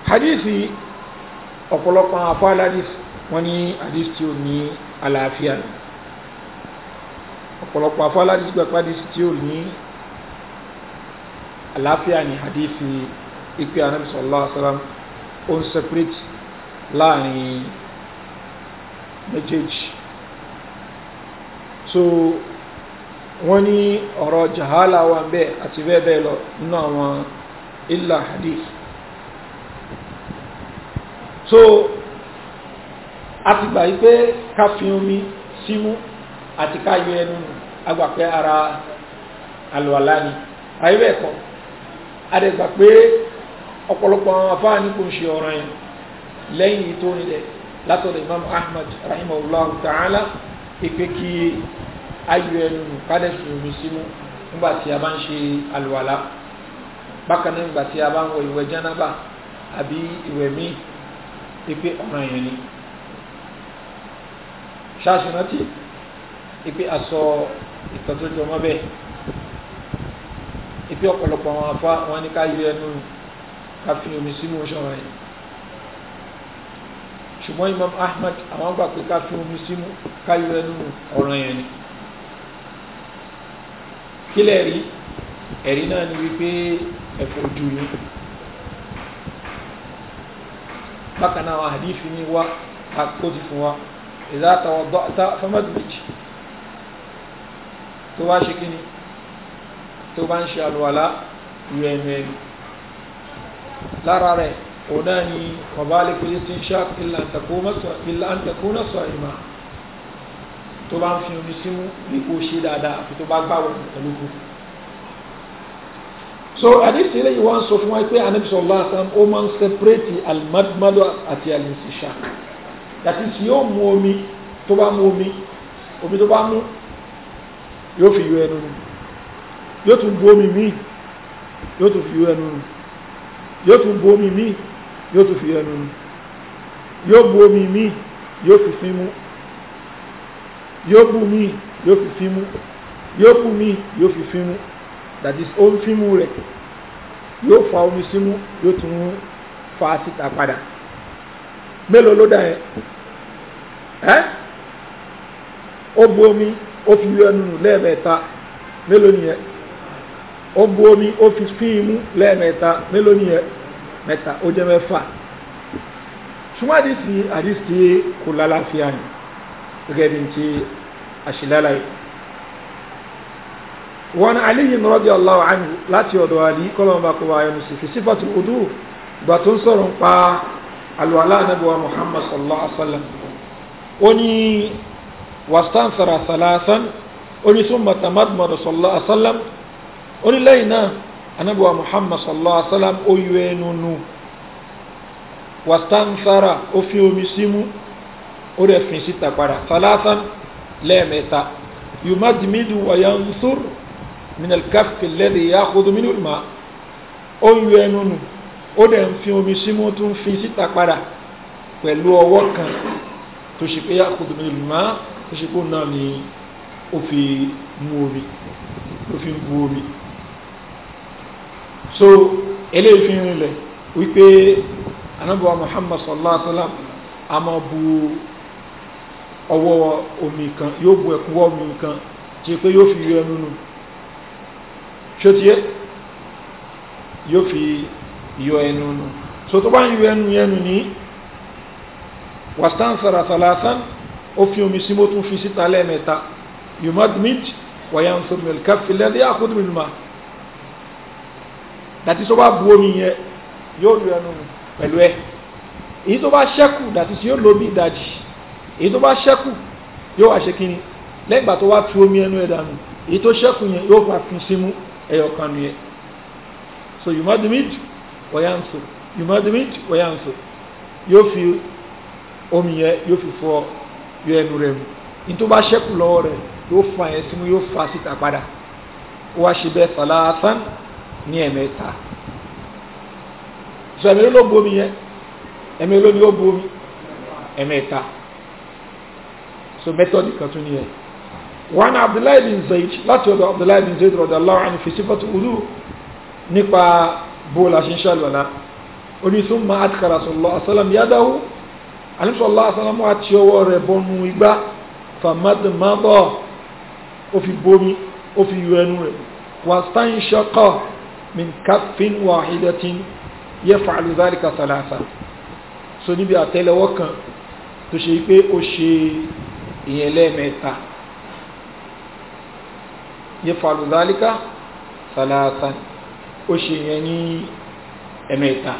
hadithi ọ̀pọ̀lọpọ̀ afọ́ aladis wọ́n ní hadith tí ó ní àlàáfíà ọ̀pọ̀lọpọ̀ afọ́ aladis gbàgbà hadith tí ó ní àlàáfíà àlàáfíà ní hadithi ipe anabi sallallahu alaihi wa sallam ó ń separate láàrin méjèèjì so wọ́n ní ọ̀rọ̀ jahala wa ń bẹ́ àti bẹ́ẹ̀ bẹ́ẹ̀ lọ nínú àwọn illa hadith so a ti gbà yí pé ká fi omi símú àti ká yọ ẹnu àgbà ara àlùwàlá ni àyè adẹ́gbà pé ọ̀pọ̀lọpọ̀ àwọn afáà ní kò ń ṣe ọ̀ràn yẹn lẹ́yìn tó nílẹ̀ látọ̀dọ̀ imam ahmad rahimahullah ta'ala ìpé kí ayò ẹnu nù kádẹ́sì omi sínú nígbà tí a bá ń ṣe àlùwàlá bákan náà nígbà tí a bá ń wọ ìwẹ̀ jánábà àbí ìwẹ̀ míì ìpé ọ̀ràn yẹn ni ṣáṣìrántí ìpé àsọ ìtọ́jú ọmọ bẹ́ẹ̀ ìpí ọ̀pọ̀lọpọ̀ àwọn afá wọn ní ká yẹ ẹnu ká fi omi sínú ṣọ́ra yìí ṣùgbọ́n Imam Ahmad àwọn gbà pé ká fi omi sínú ká yẹ ẹnu ọ̀ràn yẹn ni kílẹ̀ rí ẹ̀rí náà ni wípé ẹ̀fọ́ ojú yìí bákan náà àwọn àdífi ní wá àkójì fún wa ìdá àtàwọn dọ́ta fọmọdé méjì tó wá ṣe kí ni tó bá ń ṣe àlùwàlá yọ ẹnu ẹnu lára rẹ̀ òun náà ni ọba alẹ́kùnrin ti ń ṣá ilà àǹtẹ̀kùnà sọ ìmọ̀ tó bá ń fi omi símú ní kó ṣe dáadáa àfi tó bá gbàwọ̀ pẹ̀lú so àdìsí ilé yìí wọ́n sọ fún wa pé anabisọ lásán ó máa ń sẹpẹrẹtì alimadumadu àti alinsisha yàtí tí yóò mú omi tó bá mú omi omi tó bá mú yóò fi yọ ẹnu nù yóò tún bu omi míì yóò tún fi ẹnu nù yóò tún bu omi míì yóò tún fi ẹnu nù yóò bu omi míì yóò fi sí mú yóò bu míì yóò fi sí mú yóò bu míì yóò fi sí mú that is ó ń fi mú rẹ̀ yóò fa omi sí mú yóò tún fa síta padà mélòó ló dà yẹn ó bu omi ó fi ẹnu nù lẹ́ẹ̀mẹ́ta mélòó nìyẹn ó bu omi ó fi fí imú lẹ́ẹ̀mẹ́ta mélòó ni ẹ mẹ́ta ó jẹ́ mẹ́fà ṣùgbọ́n àdìsí àdìsí kò lálàáfíà ni gẹ́gẹ́ bí ti àṣìlálà yìí wọn aliyu rọ́bì aláwọ̀ àmì láti ọ̀dọ̀ àdí kọ́lọ́mọba kò wáyé musu fi sífàtú odú ìgbà tó ń sọ̀rọ̀ pa alùwàlá anábíwá muhammad sallallahu alaihi wa ó ní wàstán sara ó ní súnmọ̀ sallallahu alaihi wa onílẹ́yìn náà anábíwá muhammad sallallahu alaihi wasallam ó yọ ẹnu nù wastanthara ó fi omi símú ó rẹ̀ fi síta padà salasan lẹ́ẹ̀mẹ́ta yumadmidu wa yanthur min alkaffi alladhi ya'khudhu minhu alma ó yọ ẹnu nù ó dẹ̀ ń fi omi símú tún fi síta padà pẹ̀lú ọwọ́ kan tó ṣe pé ya'khudhu minhu alma tó ṣe pé ó náà ni ó fi mú omi ó fi ń bu omi so eléyìí fi rin lẹ̀ wípé anábọ̀wá muhammad sallallahu alaihi wa sallam a máa bu ọwọ́ omi kan yóò bu ẹ̀kúnwọ́ omi kan tí pé yóò fi yọ ẹnu nù ṣó ti yẹ yóò fi yọ ẹnu nù so tó bá ń yọ ẹnu yẹn nù ní wàstán sàràsàlásán ó fi omi sí mo tún fi síta lẹ́ẹ̀mẹ́ta yomad mint wàyà ń sọ mẹ́lì dàtí tó bá bu omi yẹn yóò lu ẹnu pẹ̀lú ẹ èyí tó bá ṣẹ́kù dàtí tí yóò lo omi ìdajì èyí tó bá ṣẹ́kù yóò wá ṣe kíni lẹ́yìn ìgbà tó wá tu omi ẹnu ẹ dànù èyí tó ṣẹ́kù yẹn yóò fà fún símú ẹyọ kan nu yẹn so yumadumid wọ̀yánsó yumadumid wọ̀yánsó yóò fi omi yẹn yóò fi fọ yọ ẹnu rẹ mu ní tó bá ṣẹ́kù lọ́wọ́ rẹ yóò fa yẹn símú yóò fa síta padà ó wá ṣe bẹ́ẹ̀ sàlá asán ní ẹ̀mẹ́ta so ẹ̀mẹ́ ló bomi yẹn ẹ̀mẹ́ ló ní ó bomi ẹ̀mẹ́ta so method kan tún nìyẹn wọn abdullahi bin zayd láti ọ̀dọ̀ abdullahi bin zayd radiyallahu anhu fi sífàtú wudu nípa bóòlù àṣìṣàlọ́lá oníṣun ma adkara sallallahu alaihi wasallam yadahu alẹ́sọ̀lá asalamu àti ọwọ́ rẹ̀ bọnu igbá famadumabọ́ ó fi bomi ó fi yọ ẹnu rẹ̀ wàstáǹṣọ́kọ̀ min kafin wahidatin yaf'alu dhalika thalatha so níbi àtẹ́lẹwọ́ kan tó ṣe pé ó ṣe ìyẹn lẹ́ẹ̀mẹ́ta yaf'alu dhalika thalatha ó ṣe ìyẹn ẹ̀mẹ́ta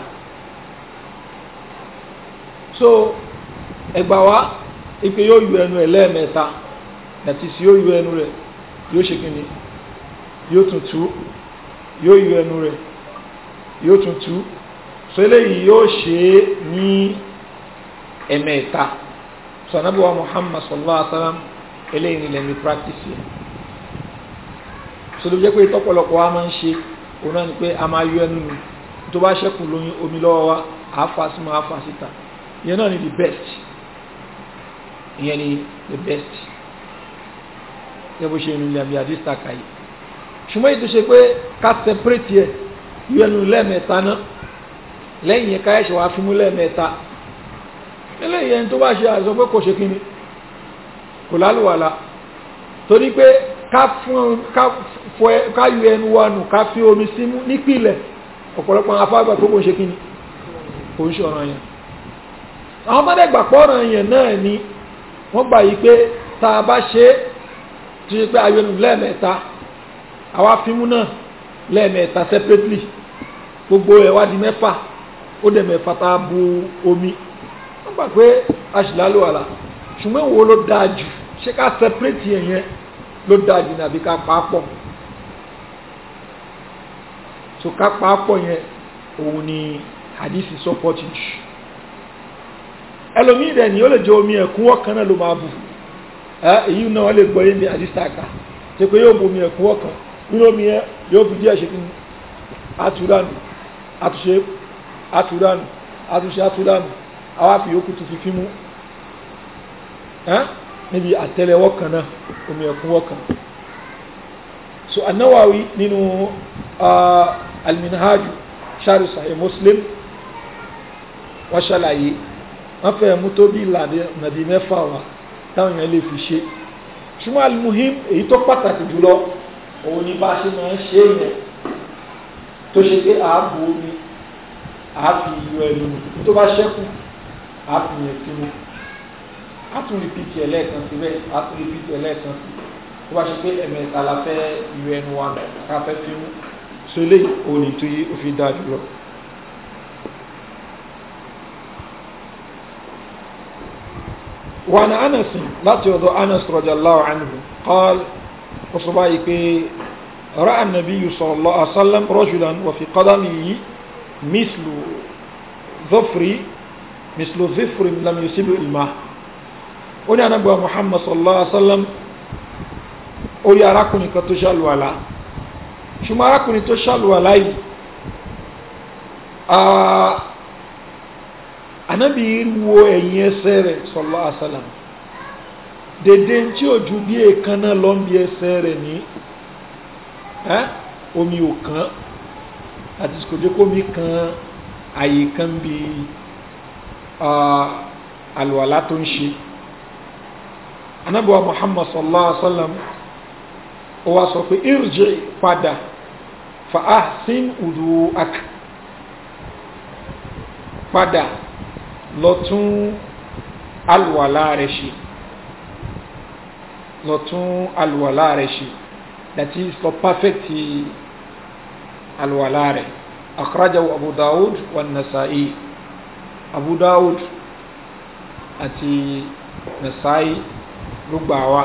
so ẹgbà wa ipe yóò yọ ẹnu ẹ̀ lẹ́ẹ̀mẹ́ta nàti sí yóò yọ ẹnu rẹ̀ yóò ṣe kí ni yóò tún yóò yọ ẹnu rẹ̀ yóò tún tú so eléyìí yóò ṣe é ní ẹ̀mẹ́ta so anabiwa muhammad sallallahu alaihi wa sallam eléyìí ni lẹ́mi practice yẹn so ló jẹ́ pé tọ́pọ̀lọpọ̀ wa máa ń ṣe òun náà ni pé a máa yọ ẹnu mi tó bá ṣẹ́kù lóyún omi lọ́wọ́ wa àáfà sí máa fà síta ìyẹn náà ni the best ìyẹn ni the best ṣé bó ṣe ń lè àbí àdìsítà kàyé ṣùgbọ́n èyí tó ṣe pé ká separate ẹ̀ yọ ẹnu lẹ́ẹ̀mẹ́ta náà lẹ́yìn yẹn ká ẹ̀ṣẹ̀ wá fimú lẹ́ẹ̀mẹ́ta eléyìí ẹni tó bá ṣe àìsàn pé kò ṣe kí ni kò lálùwàlà torí pé ká yọ ẹnu wa nù ká fi omi símú nípìnlẹ̀ ọ̀pọ̀lọpọ̀ afágbà tó kò ṣe kí ni kò ń ṣe ọ̀ràn yẹn àwọn bọ́dẹ̀ gbàpọ̀ ọ̀ràn yẹn náà ni wọ́n gbà yí pé tá a bá ṣe tó ṣe pé ayọ̀nù lẹ́ẹ̀mẹ́ta àwa fíìmù náà lẹ́ẹ̀mẹ́ta separately gbogbo ẹ̀ wá di mẹ́fà ó dẹ̀ mẹ́fà tá a bu omi wọ́n gbà pé aṣìlá ló ṣùgbọ́n wo ló dáa jù ṣé ká separate yẹn yẹn ló dáa jù nàbí ká pa á pọ̀ so ká pa á pọ̀ yẹn òun ni hadisi sọ́pọ̀tì jù ẹlòmíì dẹ̀ ni ó lè jẹ omi ẹ̀kún ọ̀kan náà ló máa bù èyí náà wọ́n lè gbọ́ yé ní hadisi àká ṣe pé yóò bu omi ẹ̀kún ọ̀kan nínú omi yẹn yóò fi díẹ̀ ṣe kí atúránù àtúnṣe atúránù àtúnṣe atúránù àwọn àfi yòókù tó fi fi mú níbi àtẹ́lẹwọ́ kan náà omi ẹ̀kúnwọ́ kan so anáwáwí nínú alminhaju sharu sahih muslim wọ́n ṣàlàyé wọ́n fẹ́ mú tó bí ìlànà bí mẹ́fà wà táwọn èèyàn lè fi ṣe ṣùgbọ́n alimuhim èyí tó pàtàkì jùlọ òun ni bá ṣe máa ń ṣe èèyàn tó ṣe pé ààbò omi ààfi ìlú ẹnu tó bá ṣẹ́kù ààfi yẹn sí mu àtún rìpìtì ẹ̀ lẹ́ẹ̀kan sí bẹ́ẹ̀ àtún rìpìtì ẹ̀ lẹ́ẹ̀kan sí tó bá ṣe pé ẹ̀mẹ̀ta la fẹ́ ìlú ẹnu wa ká fẹ́ fi mú so eléyìí tó yí òfin dáa jùlọ. وعن لا تيوضو انس رضي الله عنه قال ó sọ báyìí pé ra ànàbí sallallahu alaihi wasallam rajulan wa fi qadamihi mislu dhufri mislu dhufri lam yusibu ilma ó ní ànàbíwá muhammad sallallahu alaihi wasallam ó rí arákùnrin kan tó ṣàlùwàlá ṣùgbọ́n arákùnrin tó ṣàlùwàlá yìí ànábì wo ẹ̀yìn ẹsẹ̀ rẹ̀ sallallahu alaihi wasallam dèdè tí ò ju bí èékánná lọ ń bi ẹsẹ̀ rẹ̀ ní omi ò kàn àti kò kan àyè kan bí àlùwàlá tó ń ṣe anábọ̀ muhammad sallallahu alaihi wa sallam ó wá sọ pé irji padà fa ahsin wudu'ak padà lọ tún àlùwàlá rẹ̀ ṣe lọ tún àlùwàlá rẹ̀ ṣe that is lọ perfect àlùwàlá rẹ̀ akhrajahu abu dawud wa nasa'i abu dawud àti nasa'i ló gbà wá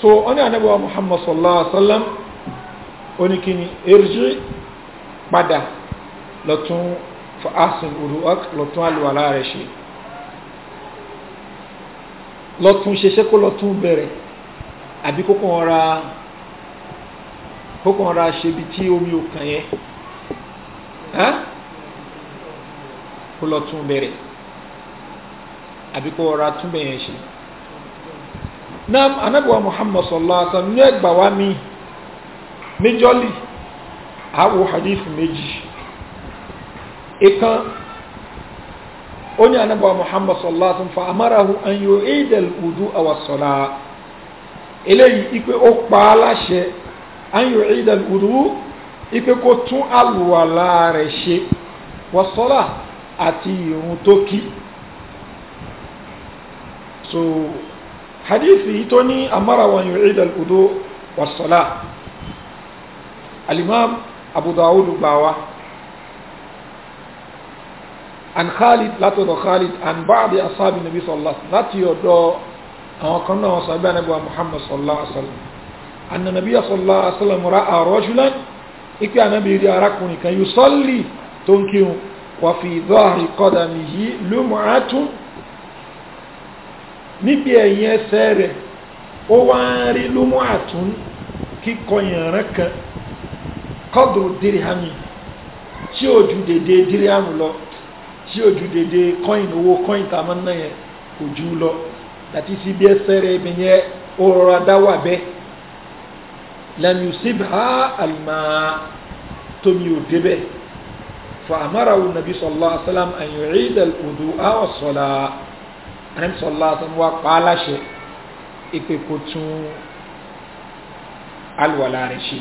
so ọ́nà anábọ̀wá muhammad sallallahu alaihi wa sallam oníkíní erjì padà lọ tún fa asin olùwàk lọ tún àlùwàlá rẹ̀ ṣe lọ́tún ṣeṣẹ́ kó lọ́tún bẹ̀rẹ̀ àbí kókàn tí omi ò kàn yẹn kó lọ́tún bẹ̀rẹ̀ ṣe sallallahu alaihi wa sallam mi méjọ́lì àwọ̀ hadith méjì ìkan. onye anabawa muhammad sallallahu alaihi wasallam fa amarahu an yu'ida al-wudu aw as-salah eléyìí ipe ó pa láṣẹ an yu'ida al-wudu ipe kó tún àlùwàlá rẹ̀ ṣe was-salah àti ìrun tó so hadithi tó ní amara wa yu'ida al-wudu was-salah al-imam abu dawud gbawa an Khalid látọ̀dọ̀ Khalid an báàdì asábì nàbí sọ̀lá láti ọ̀dọ̀ àwọn kan náà sàbẹ́ anábíwá Muhammad sọ̀lá asálàm anna nàbí sọ̀lá asálàm ra rajulan ipe anábì rí arákùnrin kan yusalli tó ń kírun wà fi dhahri qadamihi lum'atun níbi ẹ̀yìn ẹsẹ̀ rẹ̀ ó wá ń rí lum'atun kíkọ yànrán kan qadru dirhami tí ó ju dédé dirham lọ tí ojú dédé coin owó coin tá a máa ń ná yẹn kò jù lọ àti sí bí ẹsẹ̀ rẹ̀ mi yẹn ó rọra dá wà bẹ́ẹ̀ lam yusibha alma tómi ò débẹ̀ fàmàràwù nàbí sallallahu alaihi wasallam an yu'ida al-wudu'a was-sala ẹni sallallahu alaihi wasallam pa á láṣẹ ìpè kò tún alùwàlà rẹ̀ ṣe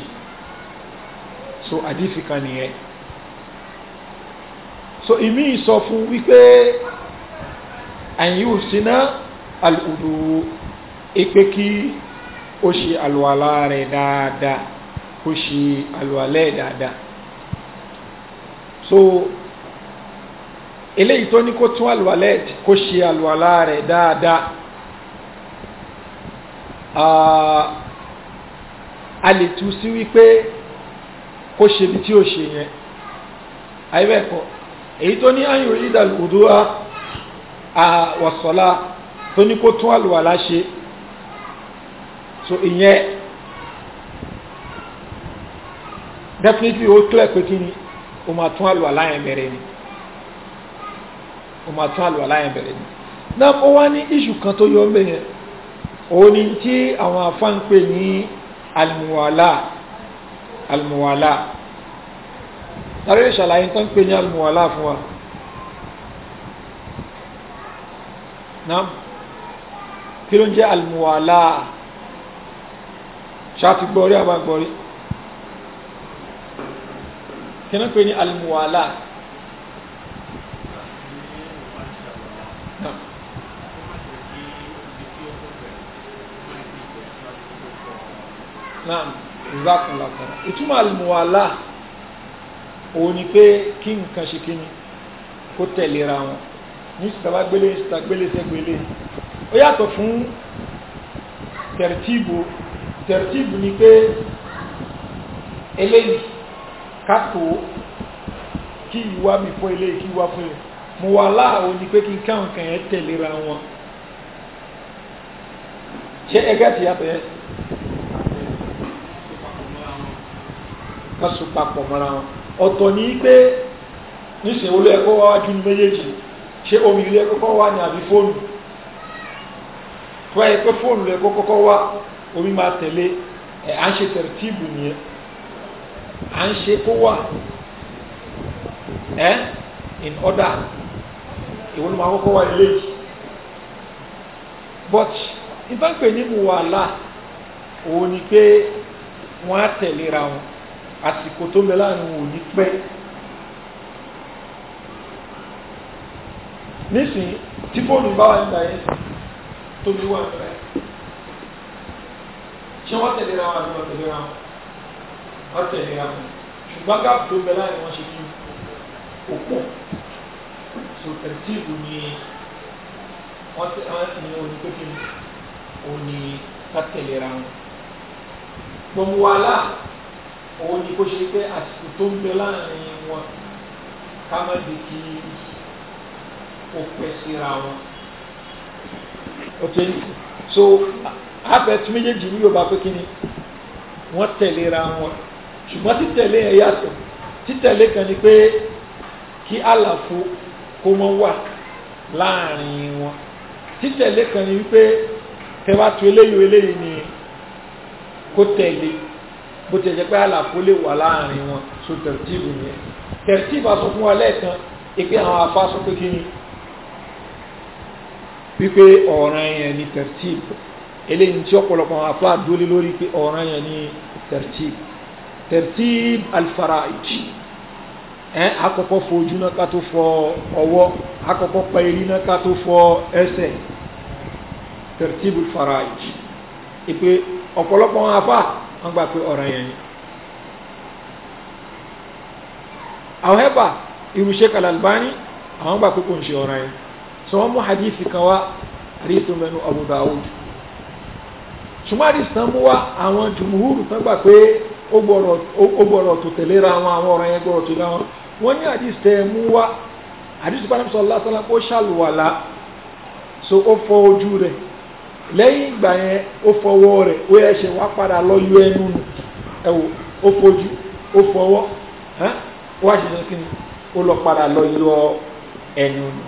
so àdìsí kan nìyẹn so imi sọ fún wípé àyíwò síná alùdù ipé kí ó ṣe alùwàlá rẹ̀ dáadáa ó ṣe alùwàlẹ́ dáadáa so eléyìí tó ní kó tún alùwàlẹ́ kó ṣe alùwàlá rẹ̀ dáadáa ah, a lè tú sí wípé kó ṣe bí tí ó ṣe yẹn ayébẹ̀kọ́ èyí tó ní ayò ìdàlùdó àwọ̀sọ̀lá tó ní kó tún àlùwàlá ṣe so ìyẹn definitely ó clear pé kí ni o máa tún àlùwàlá yẹn bẹ̀rẹ̀ ni o máa tún àlùwàlá yẹn bẹ̀rẹ̀ ni náà ó wá ní iṣu kan tó yọ ọ́nbẹ̀ yẹn òun ni tí àwọn afá ń pè ní almuwala almuwala sáré ìṣàlàyé tó ń pè ní àlùmọ̀wálá fún wa náà kí ló ń jẹ́ àlùmọ̀wálá ṣáàtì gbọ́rí àbágbọ́rí kí ló ń pè ní àlùmọ̀wálá náà ìzákùnlá kan ìtumọ̀ àlùmọ̀wálá òun ni pé kí nǹkan ṣe kíni kó tẹ̀lera wọn ní ìsìtàbá gbélé ìsìtà gbélé sẹ́gbélé ó yàtọ̀ fún tẹ̀rtíìbù tẹ̀rtíìbù ni pé eléyìí kátó kí ìwá mi fún eléyìí kí ìwá fún ẹ mo wà láàwọ̀ ni pé kí n káwọn kan yẹn tẹ̀lera wọn ṣé ẹgẹ́ ti yàtọ̀ yẹn kásùpapọ̀ mọ́ra wọn ọ̀tọ̀ ni pé nísìn olú ẹ̀kọ́ wá wájú ní méjèèjì ṣé omi ilé kọ́kọ́ wá ní àbí fóònù tó wáyé pé fóònù rẹ̀ kọ́kọ́ wá omi máa tẹ̀lé ẹ̀ à ń ṣe tẹ̀rẹ̀tìbù nìyẹn à ń ṣe kó wà ẹ́ in order ìwọ́n ló máa kọ́kọ́ wá ilé yìí but ìbá pè ní muwala òun ni pé wọ́n á tẹ̀léra wọn àsìkò tó ń bẹ láàrin wọn ò ní pẹ́ nísìnyí tí fóònù bá wà nígbà yẹn tó mi wà nígbà yẹn ṣé wọ́n tẹ̀lé ra wọn àti wọ́n tẹ̀lé ra wọn wọ́n tẹ̀lé ra wọn ṣùgbọ́n gáàpù tó ń bẹ láàrin wọn ṣe kí òpó sòtẹ̀tìbù ni wọ́n ti wọ́n ti ní onípékin òní ká tẹ̀lé ra wọn gbọ̀ngbọ̀n wàhálà òun ni kó ṣe pé àsìkò tó ń bẹ láàrin wọn ká má di kí ó pẹ́ síra wọn okay so abẹ́tí méjèèjì ní yorùbá pé kí ni wọ́n tẹ̀léra wọn ṣùgbọ́n títẹ̀lé ẹ̀ yàtọ̀ títẹ̀lé kan ni pé kí àlàfo kó mọ́ wà láàrin wọn títẹ̀lé kan ni wípé tẹ́wàá tu eléyìí eléyìí ni kó tẹ̀lé bó ti jẹ́ pé àlàfo lè wà láàrin wọn so tẹ̀rẹ̀tìbù yẹn tẹ̀rẹ̀tìbù aṣọ fún wa lẹ́ẹ̀kan ìpé àwọn afá sọ pé kí ni wípé ọ̀ràn yẹn ni tẹ̀rẹ̀tìbù eléyìí tí ọ̀pọ̀lọpọ̀ àwọn afá dólé lórí pé ọ̀ràn yẹn ni tẹ̀rẹ̀tìbù tẹ̀rẹ̀tìbù al-fara'id ẹn àkọ́kọ́ fọ ojú náà ká tó fọ ọwọ́ àkọ́kọ́ pa eri náà ká tó fọ ẹsẹ̀ tẹ̀rẹ̀tìbù al-fara'id ìpè ọ̀pọ̀lọpọ̀ àwọn afá wọ́n gbà pé ọ̀ràn yẹn ni however irú Sheikh Al-Albani àwọn gbà pé kò ń ṣe ọ̀ràn yẹn so wọ́n mú hadith kan wá hadith mẹ́nu Abu Dawud ṣùgbọ́n hadith tán mú wá àwọn jùmùhúrù tán gbà pé ó gbọ́dọ̀ tó tẹ̀léra wọn àwọn ọ̀ràn yẹn gbọ́dọ̀ tó lé wọn wọ́n ní hadith tẹ́ mú wá hadith bá nàbí sallallahu alaihi wasallam ó so ó fọ ojú rẹ̀ lẹ́yìn ìgbà yẹn ó fọwọ́ rẹ̀ ó ẹ̀ṣẹ̀ wá padà lọ yọ ẹnu nù ẹ̀wò ó fojú ó fọwọ́ ó wá ṣẹ̀ṣẹ̀ kí ni ó lọ padà lọ yọ ẹnu nù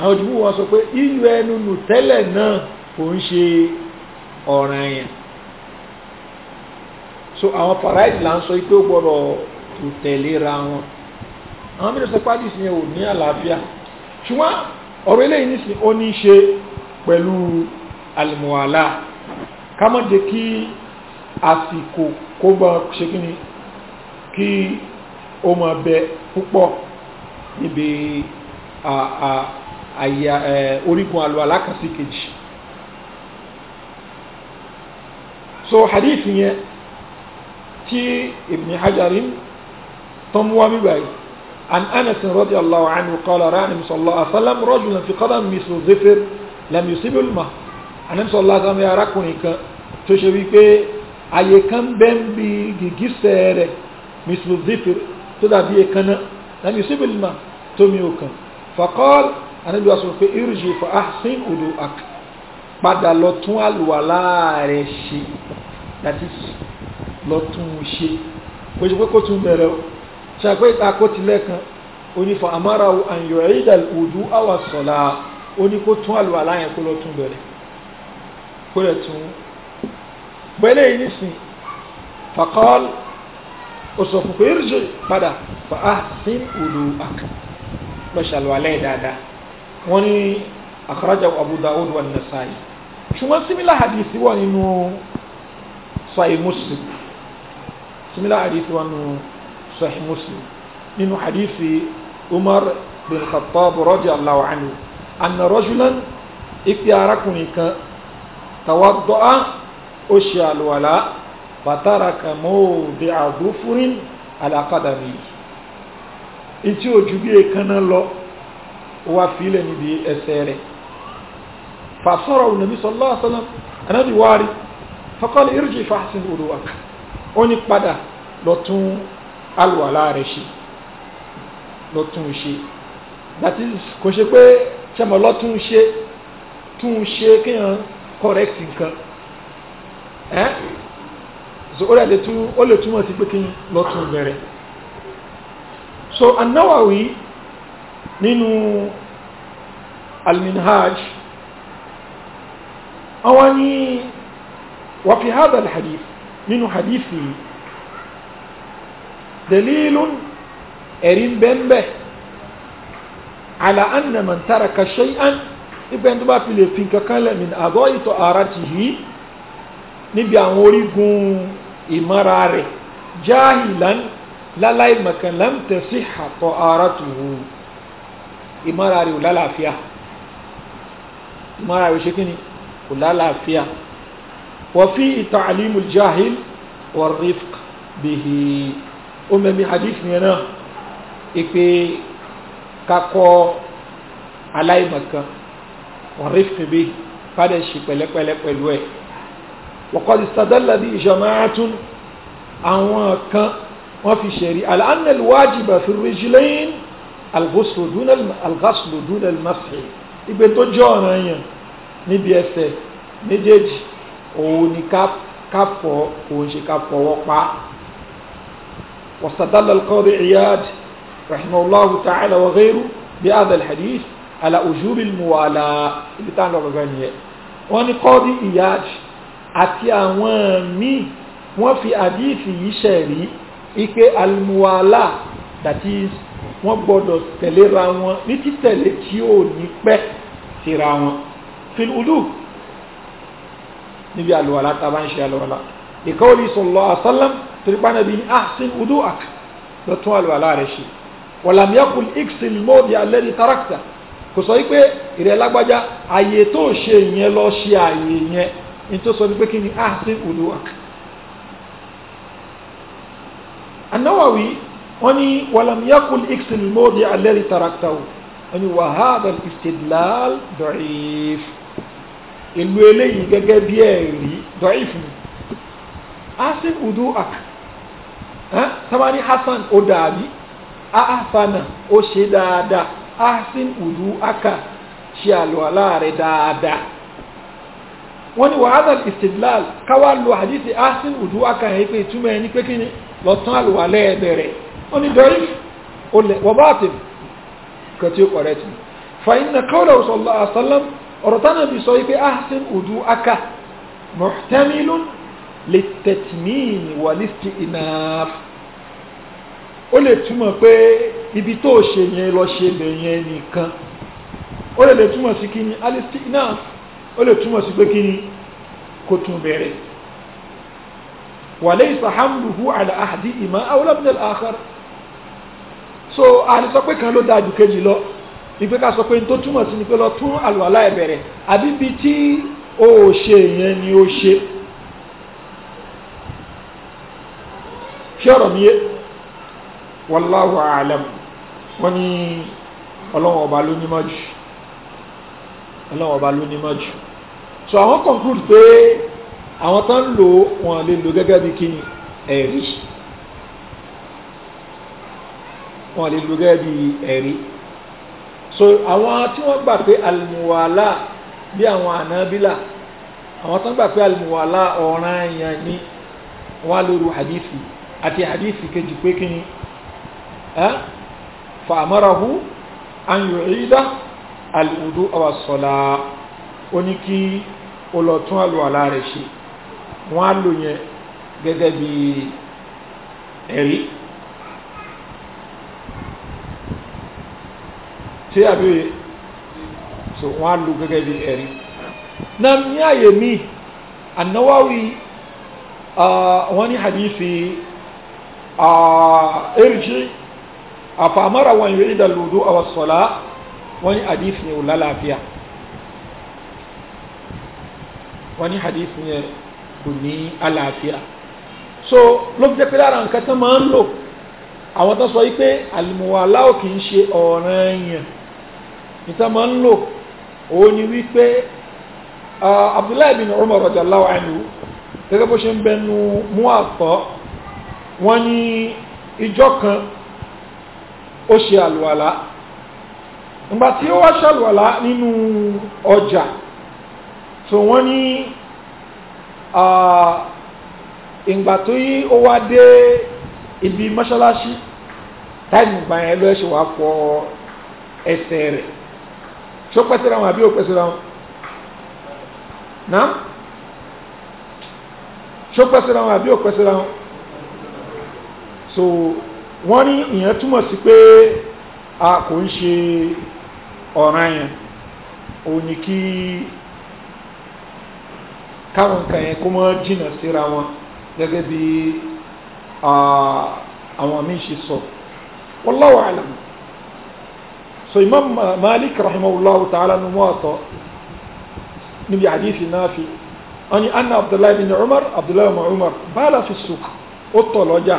àwọn òjúmú wọn sọ pé yíyọ ẹnu nù tẹ́lẹ̀ náà kò ń ṣe ọ̀ràn yẹn so àwọn paraid là ń sọ pé ó gbọ́dọ̀ tó tẹ̀léra wọn àwọn mìíràn sọ pé àdìsí yẹn ò ní àlàáfíà ṣùgbọ́n ọ̀rọ̀ eléyìí nísìn ó ní ṣe pẹ̀lú alìmọ̀wàlá ká má jẹ́ kí àsìkò kó bá ṣe kí ni kí ó máa bẹ púpọ̀ níbi orígun alùwàlá kan sí kejì so hadith yẹn tí ibn hajarin tó wá mi عن أنس رضي الله عنه قال رأى صلى الله عليه وسلم رجلا في قدم مثل الظفر لم يصيب الماء النبي صلى الله عليه وسلم يراكني كان تشوي كي أي كان بمبي جيسير مثل الظفر تدابي كان لم يصيب الماء تميوكا فقال النبي صلى الله عليه وسلم ارجي فأحسن وضوءك padà lọ tún àlùwàlá rẹ ṣe that is lọ tún ṣe kò ṣàpẹ́ ìtakò ti lẹ́kan onífọ̀ àmọ́ra àyọ̀ ìdàl òdú àwà sọ̀lá oníkó tún àlùwà láyẹn kó lọ tún bẹ̀rẹ̀ kó rẹ̀ tún bẹ́lẹ̀ yìí nìsín fàkọ́l òsòfò pé irjì padà fa ahsin òdú àk lọ ṣàlùwà lẹ́yìn dáadáa wọ́n ní àkọ́rọ́jà Abu Dawud wà Nasa'i ṣùgbọ́n símílà hadisi wà nínú Sahih Muslim símílà hadisi wà nínú sahih muslim nínú hadithi umar bin khattab radiyallahu anhu anna rajulan ipe arákùnrin kan tawadda'a ó ṣe àlùwàlá fataraka mawdi'a dhufurin ala qadami etí ojú bí èkánná lọ wá fílẹ̀ níbi ẹsẹ̀ rẹ̀ فصروا النبي صلى الله عليه وسلم أنا بواري فقال ارجع فاحسن وضوءك أني قدا لطون alùwàlá rẹ̀ ṣe lọ ṣe that is kò ṣe pé ṣẹmọ lọ tún ṣe tún ṣe kéèyàn correct nǹkan ẹ́ so ó lè tún ó lè túmọ̀ sí pé kéèyàn lọ tún bẹ̀rẹ̀ so anáwàwí nínú alminhaj àwọn ni wàfi hadha alhadith nínú hadithi yìí dalilun ẹ̀rí ń bẹ́ ń bẹ́ àlà ànà man taraka shay'an nípa ẹni tó bá fi lè fi kankan lẹ̀ min àgọ́ ìtọ̀ ara ti yí níbi àwọn orígun ìmọ̀ra rẹ̀ jahilan láláì mọ̀kàn lam tasihha ta'aratuhu ìmọ̀ra rẹ̀ ò lálàáfíà ìmọ̀ra rẹ̀ ò ṣe kí ni kò lálàáfíà wọ́n fi ta'limul jahil wa rifq bihi ó mẹ́mí hadith yẹn náà ìpè kakọ́ aláìmọ̀kan wọ́n rí fún bí fádẹ̀ ṣe pẹ̀lẹ́pẹ̀lẹ́ pẹ̀lú ẹ̀ wọ́kọ́dì sadalla bí jama'atun àwọn kan wọ́n fi ṣẹ̀rí al'anna alwajiba fi rijlayn alghuslu duna alghaslu duna almasih ìgbé tó jẹ́ ọ̀ràn yẹn níbi ẹsẹ̀ méjèèjì òun ni ká òun ṣe ká fọwọ́ واستدل القاضي عياد رحمه الله تعالى وغيره بهذا الحديث على أجوب الموالاة اللي تعالى بغانية وأن قاضي عياد àti àwọn míì wọ́n fi àdíìsì yìí ṣẹ̀rí ike almuwala that is wọ́n gbọ́dọ̀ tẹ̀léra wọn ní títẹ̀lé tí ò ní pẹ́ síra wọn fil ulu níbi àlùwàlá tàbá ń ṣe àlùwàlá ìkọ́wọ́lì sallallahu alaihi wasallam tìrìpá nàbí ní ahsin udu ak lọ tún àlùwàlá rẹ̀ ṣe wàlàmíyàkùn iksil mọ́ọ̀dì alẹ́ni tarakta kò sọ wípé ìrẹ̀ lágbájá àyè tó ṣe yẹn lọ ṣe àyè yẹn ní tó sọ ní pé kí ni ahsin udu ak anáwàwí wọ́n ní wàlàmíyàkùn iksil mọ́ọ̀dì alẹ́ni tarakta wọ́n ní wàhálà istidlal da'if ìlú eléyìí gẹ́gẹ́ bí ẹ̀rí da'if ni ahsin udu ak sábà ní hasan ó dàbí ahasana ó ṣe dáadáa ahsin udu aka ṣe àlùwàlá rẹ̀ dáadáa wọ́n ní wàhálà istidlal káwá lo àdìsí ahsin udu aka yẹn pé ìtumọ̀ ẹni pé kí ni lọ́tán àlùwàlá ẹ̀ bẹ̀rẹ̀ wọ́n ní dọ́rí wọ́n bá tèmi kan tí ó kọ̀rẹ́ tí fa inna qawlahu sallallahu alaihi wasallam ọ̀rọ̀ bí sọ wípé ahsin udu aka muhtamilun lẹ́tẹ̀tìmíìn wà lísìtì ìnáf ó lè túmọ̀ pé ibi tó ṣe yẹn lọ ṣe lè yẹn nìkan ó lè lè túmọ̀ sí kí ni alisti ìnáf ó lè túmọ̀ sí pé kí ni kò tún bẹ̀rẹ̀ wà lẹ́yìn sàhámùhù àlà ìmọ̀ awolabinel àkàrà so àti sọ pé kan ló dáa jù kejì lọ ìgbé ká sọ pé tó túmọ̀ sí ni pé lọ tún àlùwàlá ẹ̀ àbí bíi tí ó ṣe yẹn ni ó ṣe. ṣé ọ̀rọ̀ mi yé wallahu a'lam wọ́n ní ọlọ́wọ́ ọba ló ní mọ́jú ọlọ́wọ́ ọba ló ní mọ́jú so àwọn conclude pé àwọn tó lò wọn lè lò gẹ́gẹ́ bí kí ẹ̀rí wọn lè lò gẹ́gẹ́ bí ẹ̀rí so àwọn tí wọ́n gbà pé alimuwala bí àwọn ànábìlà àwọn tó gbà pé alimuwala ọ̀ràn yẹn ni wọ́n á lóru hadithi àti hadithi kejì pé kí ni fàmọ́rahu an yu'ida al'udu awa sọ́lá ó ní kí ó lọ tún àlùwàlá rẹ̀ ṣe wọ́n á lò yẹn gẹ́gẹ́ bí ẹ̀rí tí àbí so wọ́n á lò gẹ́gẹ́ bí ẹ̀rí na ní àyè mi an ah, hadithi irji afamara wọn yóò ìdá lòdó àwọn sọlá wọn ní hadith ni ò lálàáfíà wọn ní hadith ni kò ní so ló fi jẹ́ pé lára nǹkan tó máa ń lò àwọn tó sọ wípé àlùmọ̀wálá ò kì í ṣe ọ̀ràn yẹn nìkan máa ń lò òun ni wípé Abdullahi bin Umar radiyallahu anhu gẹ́gẹ́ bó ṣe ń bẹnu mú àtọ́ wọ́n ní ìjọ kan ó ṣe àlùwàlá nígbà tí ó wá ṣàlùwàlá nínú ọjà so wọ́n ní ìgbà tó yí ó wá dé ibi mọ́ṣáláṣí táìmù gbà yẹn ló ṣe wá fọ ẹsẹ̀ rẹ̀ ṣó pẹ́sẹ̀ wọn àbí ò pẹ́sẹ̀ wọn náà ṣó pẹ́sẹ̀ wọn àbí ò pẹ́sẹ̀ wọn so wọ́n ní ìyẹn túmọ̀ sí pé a kò ń ṣe ọ̀ràn yẹn ò ní kí káwọn nǹkan yẹn kó mọ́ jìnnà síra wọn gẹ́gẹ́ bí àwọn míì ṣe sọ wallahu alam so imam malik rahimahullahu ta'ala nu muwatta níbi hadisi nafi wọ́n ní anna abdullahi bin umar abdullahi bin umar bala fi suq ó tọ̀ lọ́jà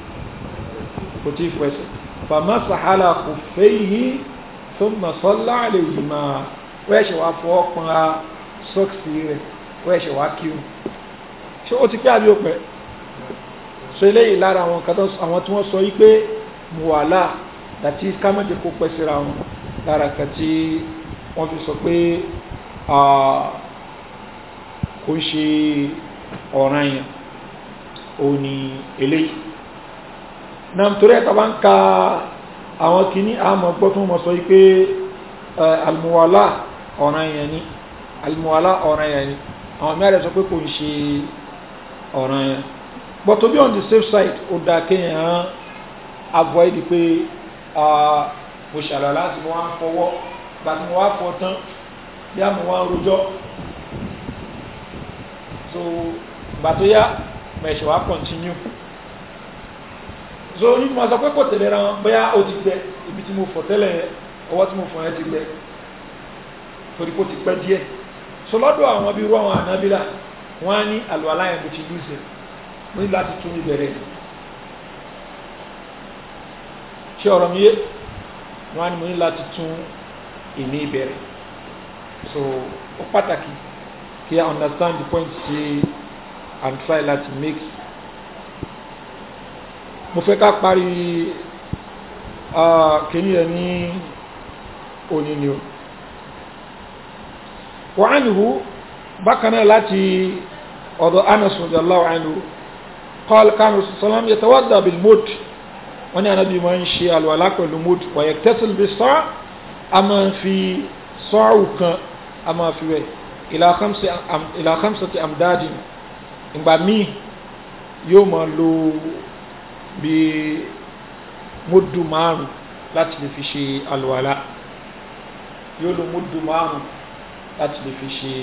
kò tí ì fọ ẹsẹ̀ fàmà sàhálà kò fẹ́ yìí tó mà sọ́lá lè yìí máa ó ẹ̀ṣẹ̀ wá fọ ọpọn a sọ́ọ̀sì rẹ̀ ó ẹ̀ṣẹ̀ wá kí o ṣé ó ti pẹ́ àbí ó pẹ́ so eléyìí lára àwọn kan àwọn tí wọ́n sọ yìí pé muwala àti kámẹ́tì kó pẹ́ síra wọn lára kan tí wọ́n fi sọ pé kò ń ṣe ọ̀ràn yẹn òun ni eléyìí na torí ẹ̀ta bá ń ka àwọn kìíní àmọ́ gbọ́ tó mọ̀ sọ wípé almuwala ọ̀ràn yẹn ni almuwala ọ̀ràn yẹn ni àwọn mẹ́rẹ̀ sọ pé kò ń ṣe ọ̀ràn yẹn but to be on the safe side ó dáa kéèyàn avoid pé mo ṣàlọ́ láti mo wá ń fọwọ́ láti mo wá fọ tán bí a mo wá ń rojọ́ so gbà tó yá mẹ̀ṣẹ̀ wá continue so nínú ma sọ pé kò tẹ̀lé ra wọn bóyá ó ti gbẹ ibi tí mo fọ̀ tẹ́lẹ̀ ọwọ́ tí mo fọ̀ yẹn ti gbẹ torí ti pẹ́ díẹ̀ so lọ́dọ̀ àwọn bí irú àwọn ànábìlà wọ́n á ní àlùwàlá yẹn kò ti lùzẹ̀ mo ní láti tún ìbẹ̀rẹ̀ ṣé ọ̀rọ̀ mi yé wọ́n á ní mo ní láti tún ìní ìbẹ̀rẹ̀ so ó pàtàkì kí understand the point ṣe and try to make mo fẹ́ ká parí kìíní ẹ̀ ní òní ni o wà á nìhú bákan náà láti ọ̀dọ̀ Anas radiyallahu anhu qala kana sallam yatawadda bil mud wọ́n ní anábì máa ń ṣe àlùwàlá pẹ̀lú mud wa yaktasil bis sa' a máa fi sọ́ọ̀wù kan a máa fi wẹ̀ ìlà khamsati ìgbà míì yóò máa lo bíi múdù márùn láti lè fi ṣe àlùwàlá yóò lo múdù márùn láti lè fi ṣe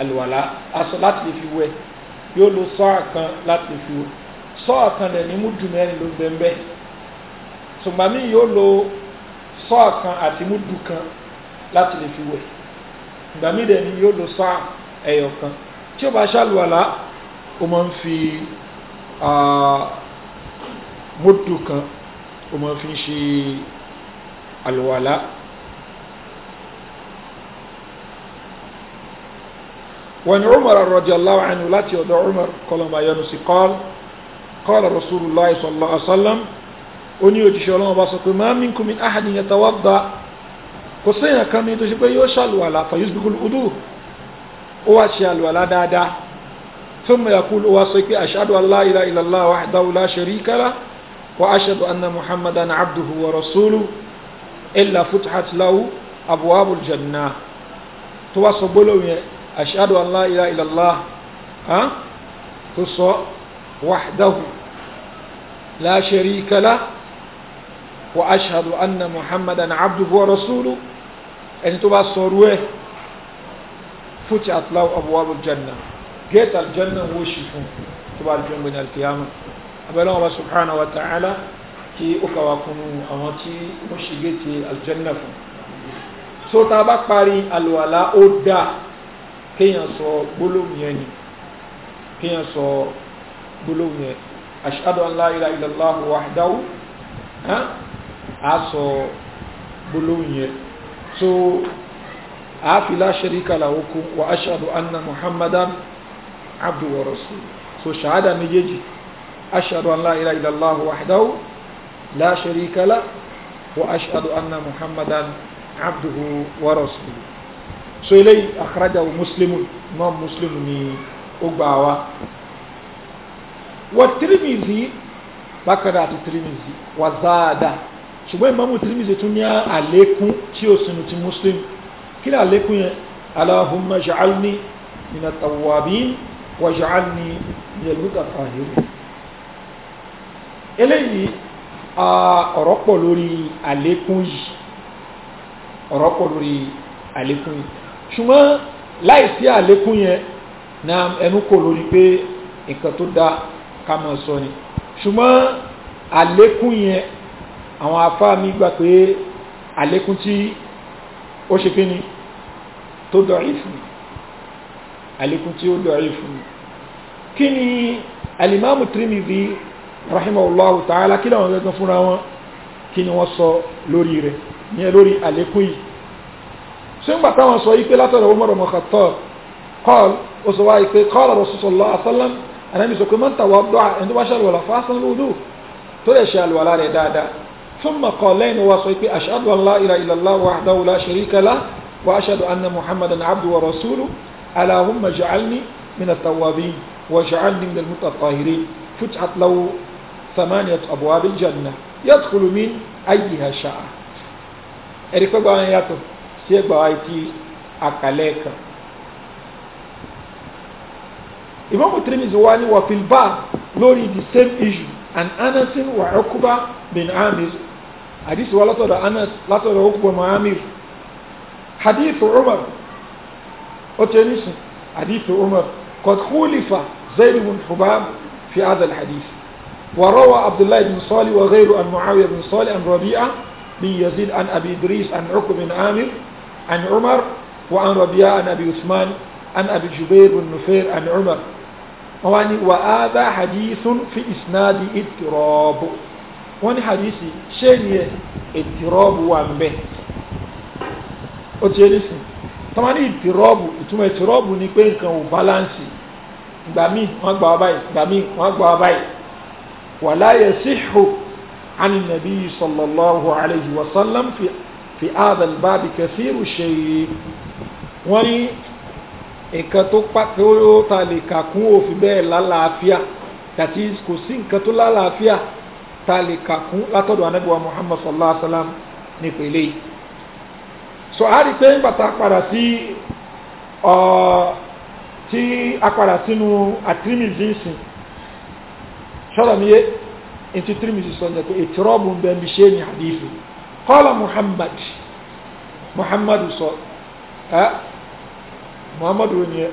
àlùwàlá aṣọ láti lè fi wẹ yóò lo sọ́ọ̀ kan láti lè fi wẹ sọ́ọ̀ kan lẹ̀ ní múdù mẹ́rin ló ń bẹ́ẹ̀ bẹ́ẹ̀ sùgbàmí yóò lo sọ́ọ̀ kan àti múdù kan láti lè fi wẹ̀ ìgbàmí dẹ̀ ni yóò lo sọ́ọ̀ ẹ̀yọ̀ kan tí ó bá ṣàlùwàlá ó máa ń fi ah, múdù kan ó máa fi ń ṣe àlùwàlá وعن عمر رضي الله عنه لاتي ودى عمر قال ما ينسي قال قال رسول الله صلى الله عليه وسلم أني يتشي الله باسك ما منكم من أحد يتوضع قصينا كم يتشي بي يشال ولا فيسبق الأدوه واشال ولا دادا ثم يقول واسكي أشهد أن لا إله إلا الله وحده لا شريك له وأشهد أن محمدا عبده ورسوله إلا فتحت له أبواب الجنة توصبوا أشهد أن لا إله إلا الله ها تصو وحده لا شريك له وأشهد أن محمدا عبده ورسوله أن يعني تبقى فتحت له أبواب الجنة جيت الجنة هو شفون الجنة من القيامة abẹ́lẹ́ wọn bá subhanahu wa ta'ala kí ó kàwá kún àwọn tí wọ́n ṣe géètì aljanna fún so tá a bá parí àlùwàlá ó dà kéèyàn sọ gbólóhùn yẹn ni kéèyàn sọ gbólóhùn yẹn ashhadu gbólóhùn yẹn so àáfi la sharika wa ashhadu anna muhammadan abdu so ṣàádà méjèèjì أشهد أن لا إله إلا الله وحده لا شريك له وأشهد أن محمدا عبده ورسوله so eléyìí akhrajahu muslimun náà muslim ni ó gbà wá wà tirimizi bákanáà àti tirimizi wà záadá ṣùgbọ́n ìmáàmù tirimizi tún ní àlékún tí ó sinú ti muslim kí ni àlékún yẹn allahumma ja'alni min at wa ja'alni min al-mutatahhirin eléyìí ọ̀rọ̀ pọ̀ lórí àlékún yìí ọ̀rọ̀ pọ̀ lórí àlékún yìí ṣùgbọ́n láìsí àlékún yẹn na ẹnu kò lórí pé nǹkan tó dá ká máa sọ ni ṣùgbọ́n àlékún yẹn àwọn afá mi gbà pé àlékún tí ó ṣe kí ni tó dọ̀rí fún àlékún tí ó dọ̀rí fún kí ni alimamu Tirmidhi rahimahullahu ta'ala kí làwọn gẹ́gẹ́ fúnra wọn kí ni wọ́n sọ lórí rẹ̀ ní ẹ lórí àlékún yìí ṣé ń gbà táwọn sọ yìí pé látọ̀rọ̀ Umar ibn Khattab qal ó sọ wáyé pé qala rasulullah sallam ànábì sọ pé man tawadda'a ẹni tó ṣàlùwàlà fásan lódò tó lè ṣe rẹ̀ dáadáa ثم قال لين وصيك أشهد أن لا إله إلا الله وحده لا شريك له وأشهد أن محمدا عبده ورسوله اللهم اجعلني من التوابين واجعلني من المتطهرين فتحت له ثمانية أبواب الجنة يدخل من أيها شاء أريكو بوانا ياتو سيكو آيتي أكاليك إمام الترمز والي وفي الباب لوري دي سيم إيجو أن أنس وعقبة بن عامر حديث ولا ترى أنس لا ترى عقبة بن عامر حديث عمر أتنسي حديث عمر قد خولف زيد بن حباب في هذا الحديث وروى عبد الله بن صالح وغيره عن معاوية بن صالح عن ربيعة بن يزيد عن أبي دريس عن عقب بن عامر عن عمر وعن ربيعة عن أبي عثمان عن أبي جبير بن نفير عن عمر واني وهذا حديث في إسناد اضطراب واني حديثي شيء اضطراب وانبه أتجلس tọ́mọ ní ìtìrọ́ọ̀bù ìtumọ̀ ìtìrọ́ọ̀bù ni pé nǹkan ò báláǹsì ìgbà míì wọ́n gbà wá báyìí ìgbà míì wọ́n gbà ولا يصح عن النبي صلى الله عليه وسلم في في هذا الباب كثير شيء وني nǹkan tó pàtó ta lè kà kún òfin bẹ́ẹ̀ lálàáfíà tàbí kò sí nǹkan tó lálàáfíà ta lè kà kún látọ̀dọ̀ anábíwá muhammad sallallahu alaihi wa sallam nípa eléyìí. sọ á rí i pé nígbà tá a padà sí uh, sọ́rọ̀ mi yé ntí tirimisi sọ̀nà pé ìtìrọ́bù ń bẹ mi ṣe ní hadithu qala muhammad muhammad sọ ẹ muhammad wo ni yẹ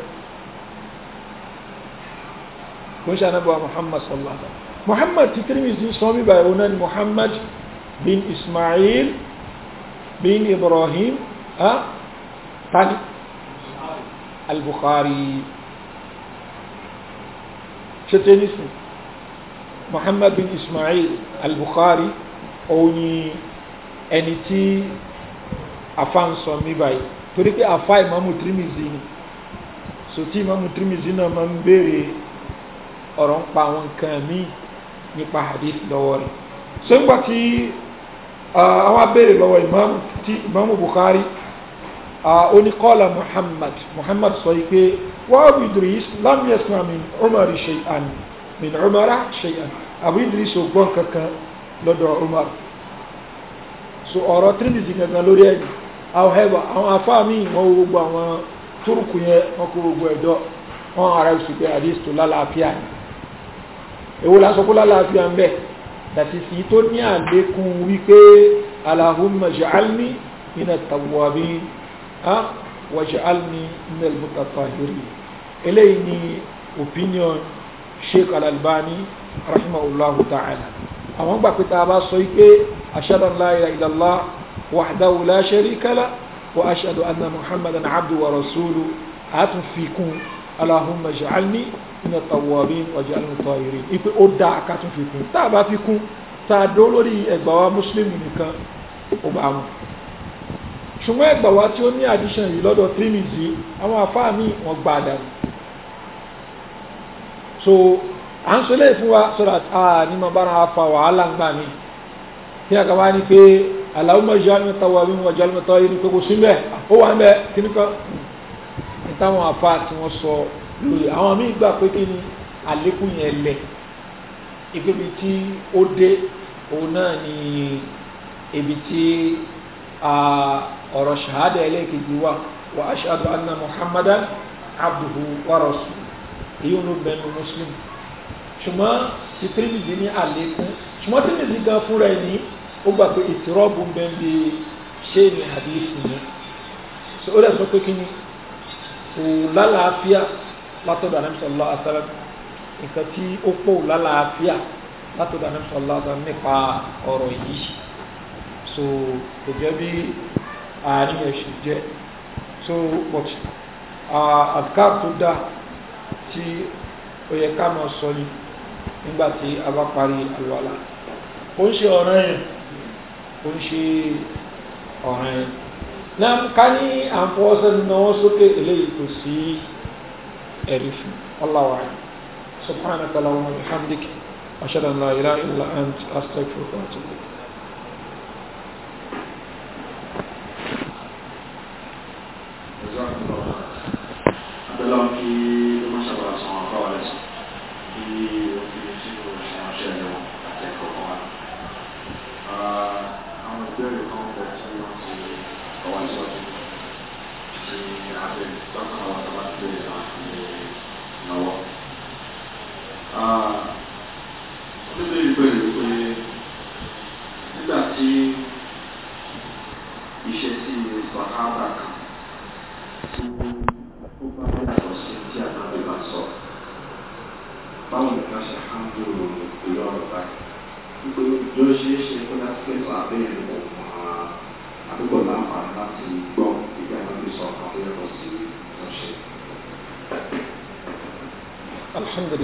kò ń ṣe anábọ̀ muhammad sallallahu alaihi wa muhammad ti tirimisi sọ mi báyìí wọn muhammad bin ismail bin ibrahim ẹ tani al-bukhari ṣe muhammad bin ismail al-bukhari òun ni ẹni tí afa ń sọ mí báyìí torí pé afa imamu tirimizi ni sòtí imamu tirimizi náà máa ń béèrè ọ̀rọ̀ ń pa àwọn nǹkan míì nípa hadith lọ́wọ́ rẹ̀ sọ́gbà tí àwọn abéèrè lọ́wọ́ imamu bukhari ó ní qala muhammad muhammad sọ yìí pé wàá bìdìrì islam yasmin umar shay'an ni min umara shay'an abu idris ò gbọ́n kankan lọ́dọ̀ umar so ọ̀rọ̀ trinity kankan lórí ẹ̀yìn however àwọn afá mi wọ́n wo gbogbo àwọn túrùkù yẹn wọ́n kó gbogbo ẹ̀dọ́ wọ́n ara ẹ̀ sùpẹ́ àdìs tó lálàáfíà ni èwo la sọ pé lálàáfíà ń bẹ̀ dàtí sí tó ní àlékún wípé alahumma ja'alni min at-tawwabin waj'alni min al-mutatahhirin eléyìí ni opinion sheikh al-albani rahimahullahu ta'ala àwọn gbà pé tá a bá sọ pé ashhadu an la ilaha illallah wahdahu la sharika lah wa ashhadu anna muhammadan abduhu wa rasuluhu àtúnfikún allahumma ij'alni mina tawwabin waj'alni tahirin ipe ó dá akátúnfikún tá a bá fi kún tá a dó lórí ẹgbà wa muslim nìkan ó bá wọn ṣùgbọ́n ẹgbà tí ó ní àdíṣàn yìí lọ́dọ̀ Tirmidhi àwọn afáàmì wọn gbà dànù so à ń sọ lẹ́yìn fún wa so that a ní ma bára fa wàhálà ń gbà mí kí ni àkàwá ni pé Allahumma ij'alni tawwabin waj'alni mutahhirin ní pé kò sí mbẹ́ ó wà mbẹ́ kí ni kan ní táwọn afa tí wọ́n sọ lórí àwọn míì gbà pé kí ni àlékún yẹn lẹ̀ ibi tí ó dé òun náà ni ibi tí ọ̀rọ̀ ṣahada ẹlẹ́ẹ̀kejì wà wa ashhadu anna Muhammadan abduhu wa rasuluhu èyí ló bẹnu muslim ṣùgbọ́n ti tírìmìzì ní àlékún ṣùgbọ́n tírìmìzì gan fúnra ẹ̀ ní ó gbà pé ìtìrọ́bù ń bẹ́ẹ̀ bí ṣé ní àdéhùn yẹn so ó dẹ̀ sọ pé kí ni kò lálàáfíà látọ̀dọ̀ ànábì sallallahu alaihi wasallam nǹkan tí ó pọ̀ lálàáfíà látọ̀dọ̀ ànábì sallallahu alaihi wasallam nípa ọ̀rọ̀ yìí so kò jẹ́ bí àárín ẹ̀ ṣe jẹ́ so but àdúgbò tó tí ó yẹ ká máa sọ ni nígbà a bá parí àlùwàlá ó ń ṣe ọ̀ràn yẹn ó ń ṣe ọ̀ràn yẹn náà ká ní àǹfọwọ́sẹ́ náwó sókè eléyìí kò sí ẹ̀rí fún ọláwà subhanahu ta'ala wa bihamdik ashhadu an la ilaha illa ant astaghfiruka wa atubu ilayk Thank you. 以我们的技术来实现的嘛，在客户啊，他们对于我们的系统是百分之百的满意，是啊对，包括他们对我们的那个啊。啊。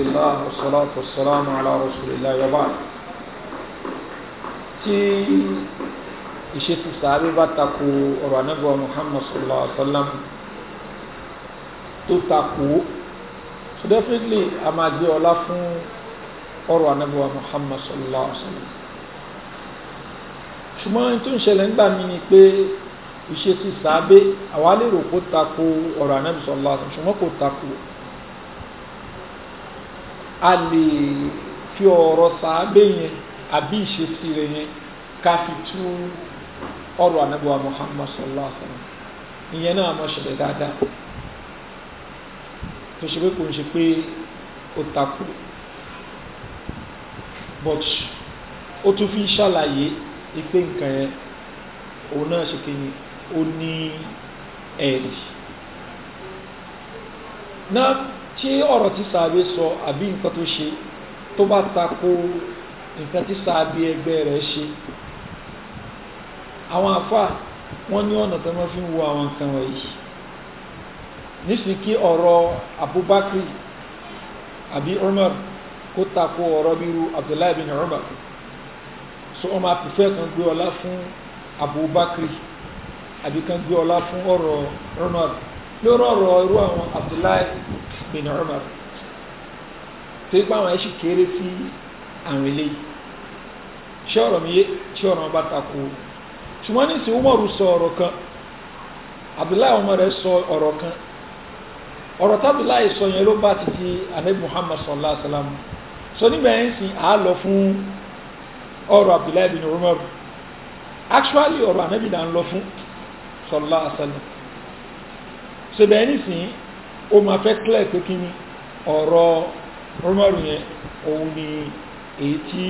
الله والصلاة والسلام على رسول الله وبعد tí ìṣe ti sàárè bá محمد صلى الله عليه وسلم alaihi wa sallam tó tako so definitely a máa gbé ọlá fún ọ̀rọ̀ anábọ̀ Muhammad sallallahu alaihi wa sallam ṣùgbọ́n tó ń ṣẹlẹ̀ nígbà mi ni pé ìṣe ti sàábé àwa lè rò kó tako ọ̀rọ̀ anábọ̀ sallallahu alaihi wa ṣùgbọ́n kò tako a lè fi ọrọ saa yẹn àbí ìṣesí rẹ̀ yẹn ká fi tú ọ̀rọ̀ anábọ̀wá muhammad sallallahu alaihi wa sallam ìyẹn náà mọ̀ ṣẹlẹ̀ dáadáa tó ṣe pé kò ń ṣe pé ó takò but ó tún fi ṣàlàyé ipe nǹkan yẹn náà ṣe tí ọ̀rọ̀ tí sàábé sọ àbí nǹkan tó ṣe tó bá tako nǹkan tí sàábé ẹgbẹ́ rẹ̀ ṣe àwọn àfà wọ́n ní ọ̀nà tó fi ń wo àwọn nǹkan wọ̀nyí nísìnyí kí ọ̀rọ̀ Abubakar àbí Umar kó tako ọ̀rọ̀ bíru Abdullahi bin Umar so ọmọ àpòfẹ́ kan gbé ọlá fún Abubakar àbí kan gbé ọlá fún ọ̀rọ̀ Umar. lórí ọ̀rọ̀ irú àwọn Abdullahi bin Umar tó pé àwọn ẹ̀ṣì kéré sí àwọn eléyìí ṣé ọ̀rọ̀ mi yé ṣé ọ̀rọ̀ ọba tako sọ ọ̀rọ̀ kan Abdullahi ọmọ sọ ọ̀rọ̀ kan ọ̀rọ̀ tábìláì sọ yẹn ló bá ti di Muhammad sallallahu so yẹn sìn á anabi ń lọ fún ṣebẹ̀ ẹnìsìn ó máa fẹ́ clear pé kí ni ọ̀rọ̀ Umaru yẹn òun ni èyí tí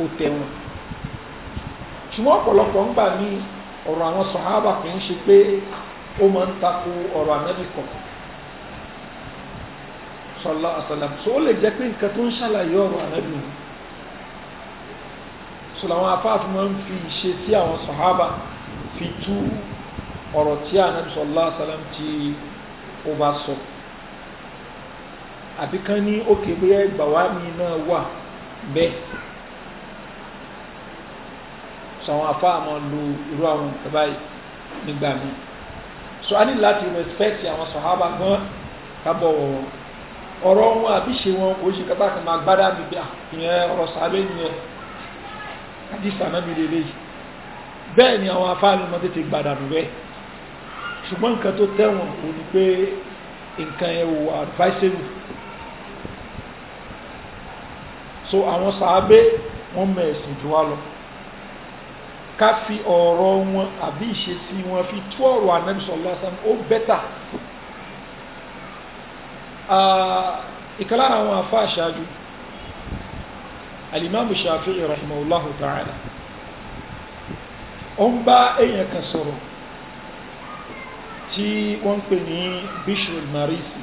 ó tẹ̀wọ̀n ṣùgbọ́n ọ̀pọ̀lọpọ̀ ń gbà ní ọ̀rọ̀ àwọn sọ̀hábà kì í ṣe pé ó máa ń tako ọ̀rọ̀ ànábì kan sọlá àsàlám so ó lè jẹ́ pé nǹkan tó ń ṣàlàyé ọ̀rọ̀ ànábì ni so làwọn afáàfin máa ń fi ìṣe sí àwọn sọ̀hábà fi tú ọ̀rọ̀ tí ànábì sallallahu alaihi wasallam tí ó bá sọ àbí kan ní òkè bóyá ìgbà wá mi náà wà bẹ́ẹ̀ sọ àwọn afá àmọ́ lu irú àwọn nǹkan báyìí nígbà míì so a ní láti respect àwọn sọ̀hábà gan kábọ̀ wọ̀wọ̀ ọ̀rọ̀ wọn àbí ṣe wọn kò ṣe kápá kan máa gbádà mi bíà ah, ìyẹn ọ̀rọ̀ sàbẹ̀ nìyẹn àdìsá mi lè léyìí bẹ́ẹ̀ ni àwọn afá mi mọ tètè gbàdànù bẹ́ẹ̀ ṣùgbọ́n nǹkan tó tẹ̀wọ̀n kò ní pé nǹkan yẹn wò advisable so àwọn sàábé wọn mọ ẹ̀sìn jù wá lọ ká fi ọ̀rọ̀ wọn àbí ìṣesí wọn fi tú ọ̀rọ̀ Ànábì sallallahu alaihi wasallam ó bẹ́tà ah, ìkàlá àwọn afá àṣáájú alimami Shafi'i rahimahullahu ta'ala ó ń bá èèyàn kan sọ̀rọ̀ tí wọ́n ń pè ní bishul marisi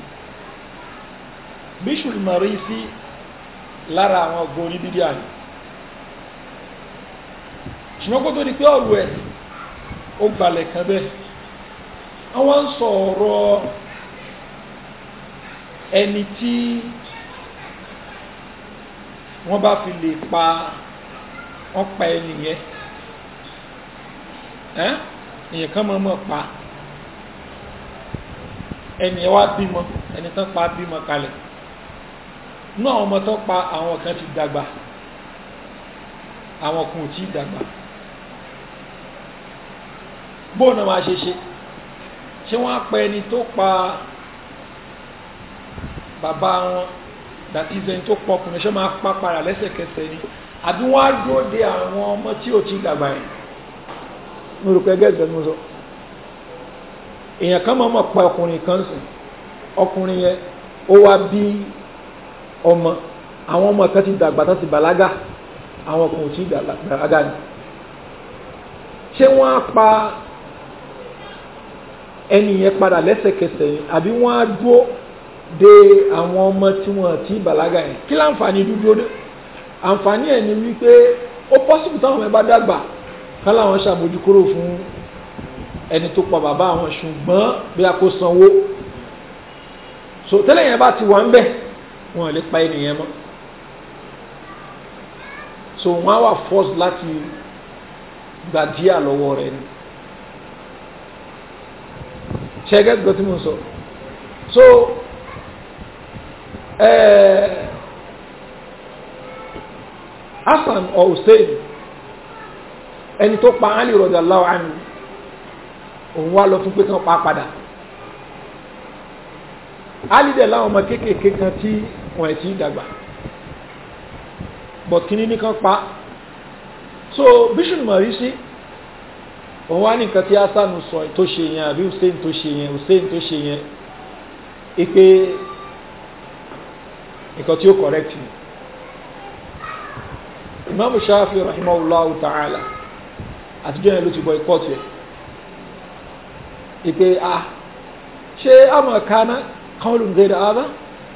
bishul marisi lára àwọn ọgbọ́n oníbídí àná ṣùgbọ́n kó tó di pé ọ̀rọ̀ ẹ̀ ó gbalẹ̀ kan bẹ́ẹ̀ àwọn ń sọ ọ̀rọ̀ ẹni tí wọ́n bá fi lè pa wọ́n ẹni yẹn ẹ̀yìn kan mọ̀ mọ̀ pa ẹni ẹ wá bímọ ẹni tán pa bímọ kalẹ̀ nú àwọn ọmọ tán pa àwọn kan ti dàgbà àwọn kan ò tí ì dàgbà bóun náà máa ṣe ṣe ṣé wọ́n á pa ẹni tó pa bàbá wọn dàtí ìzẹni tó pọ̀ ọkùnrin ṣé máa pa padà lẹ́sẹ̀kẹsẹ̀ ni àbí wọ́n á dúró de àwọn ọmọ tí ò tí ì dàgbà yẹn mo rò pé ẹgẹ́ ìgbẹ́ mo sọ èèyàn kan máa mọ̀ pa ọkùnrin kan sìn ọkùnrin yẹn ó wá bí ọmọ àwọn ọmọ kan ti dàgbà tó ti bàlágà àwọn ọkùnrin tí bàlágà ni ṣé wọ́n á pa ẹni yẹn padà lẹ́sẹ̀kẹsẹ̀ yẹn àbí wọ́n á dúó de àwọn ọmọ tí wọ́n ti bàlágà yẹn kí láǹfààní dúdú dé àǹfààní ẹ̀ ni wípé ó pọ́sibù táwọn ọmọ ẹ bá dàgbà kán láwọn ṣàbójúkúrò fún ẹni tó pa bàbá àwọn ṣùgbọ́n bí a kò sanwó so tẹ́lẹ̀ yẹn bá ti wà ń bẹ̀ wọn ò lè pa ènìyàn mọ́ so wọn á wà force láti gba díà lọ́wọ́ rẹ̀ ni ṣẹ́gẹ́ gbọ́ tí mo sọ so eh, Hassan or ẹni tó pa Ali rọ̀dà láwọn àmì òun wá lọ fún pé kán pa padà Ali dẹ̀ láwọn ọmọ kéékèèké kan tí wọ́n ẹ̀ ti ń dàgbà but kí ní nìkan pa so bishop mọ̀rí sí òun wá ní nǹkan tí hasanu sọ tó ṣe yẹn àbí hussein tó ṣe yẹn hussein tó ṣe yẹn ipe nǹkan tí ó correct ni imam shafi rahimahullah ta'ala àtijọ́ yẹn ló ti boycott yẹn e a ṣé àmọ̀ kaná kọ́ọ̀lù gẹ̀rẹ̀ ara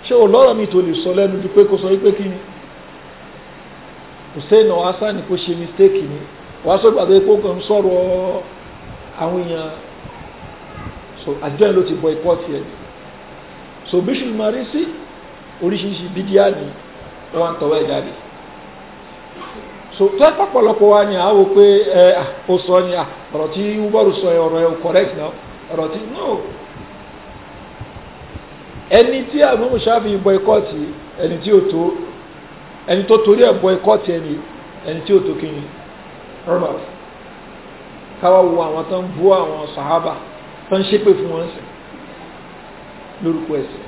ṣé ṣe lọ́rọ̀ mi tó lè sọ lẹ́nu ju pé kò sọ wípé kí ni hussein kò ṣe mistake ni wàá sọ kó kàn so àjọ yẹn ló ti so bishop marisi oríṣiríṣi bídíà ni wọ́n tọwọ́ ẹ̀ jáde so tó ẹ pọ̀pọ̀lọpọ̀ wa ni àwọn pé ẹ ò sọ ni ọ̀rọ̀ sọ ọ̀rọ̀ correct ọ̀rọ̀ tí no ẹni tí àmúhùn ṣáfi bọ́ikọ́ọ̀tì ẹni tí ó tó ẹni tó torí ẹ̀ bọ́ikọ́ọ̀tì ẹni ẹni tí ó tó kíni Robert káwá wo àwọn tó ń bú àwọn sàhábà tó ń ṣépè fún wọn sí lórúkọ ẹ̀sìn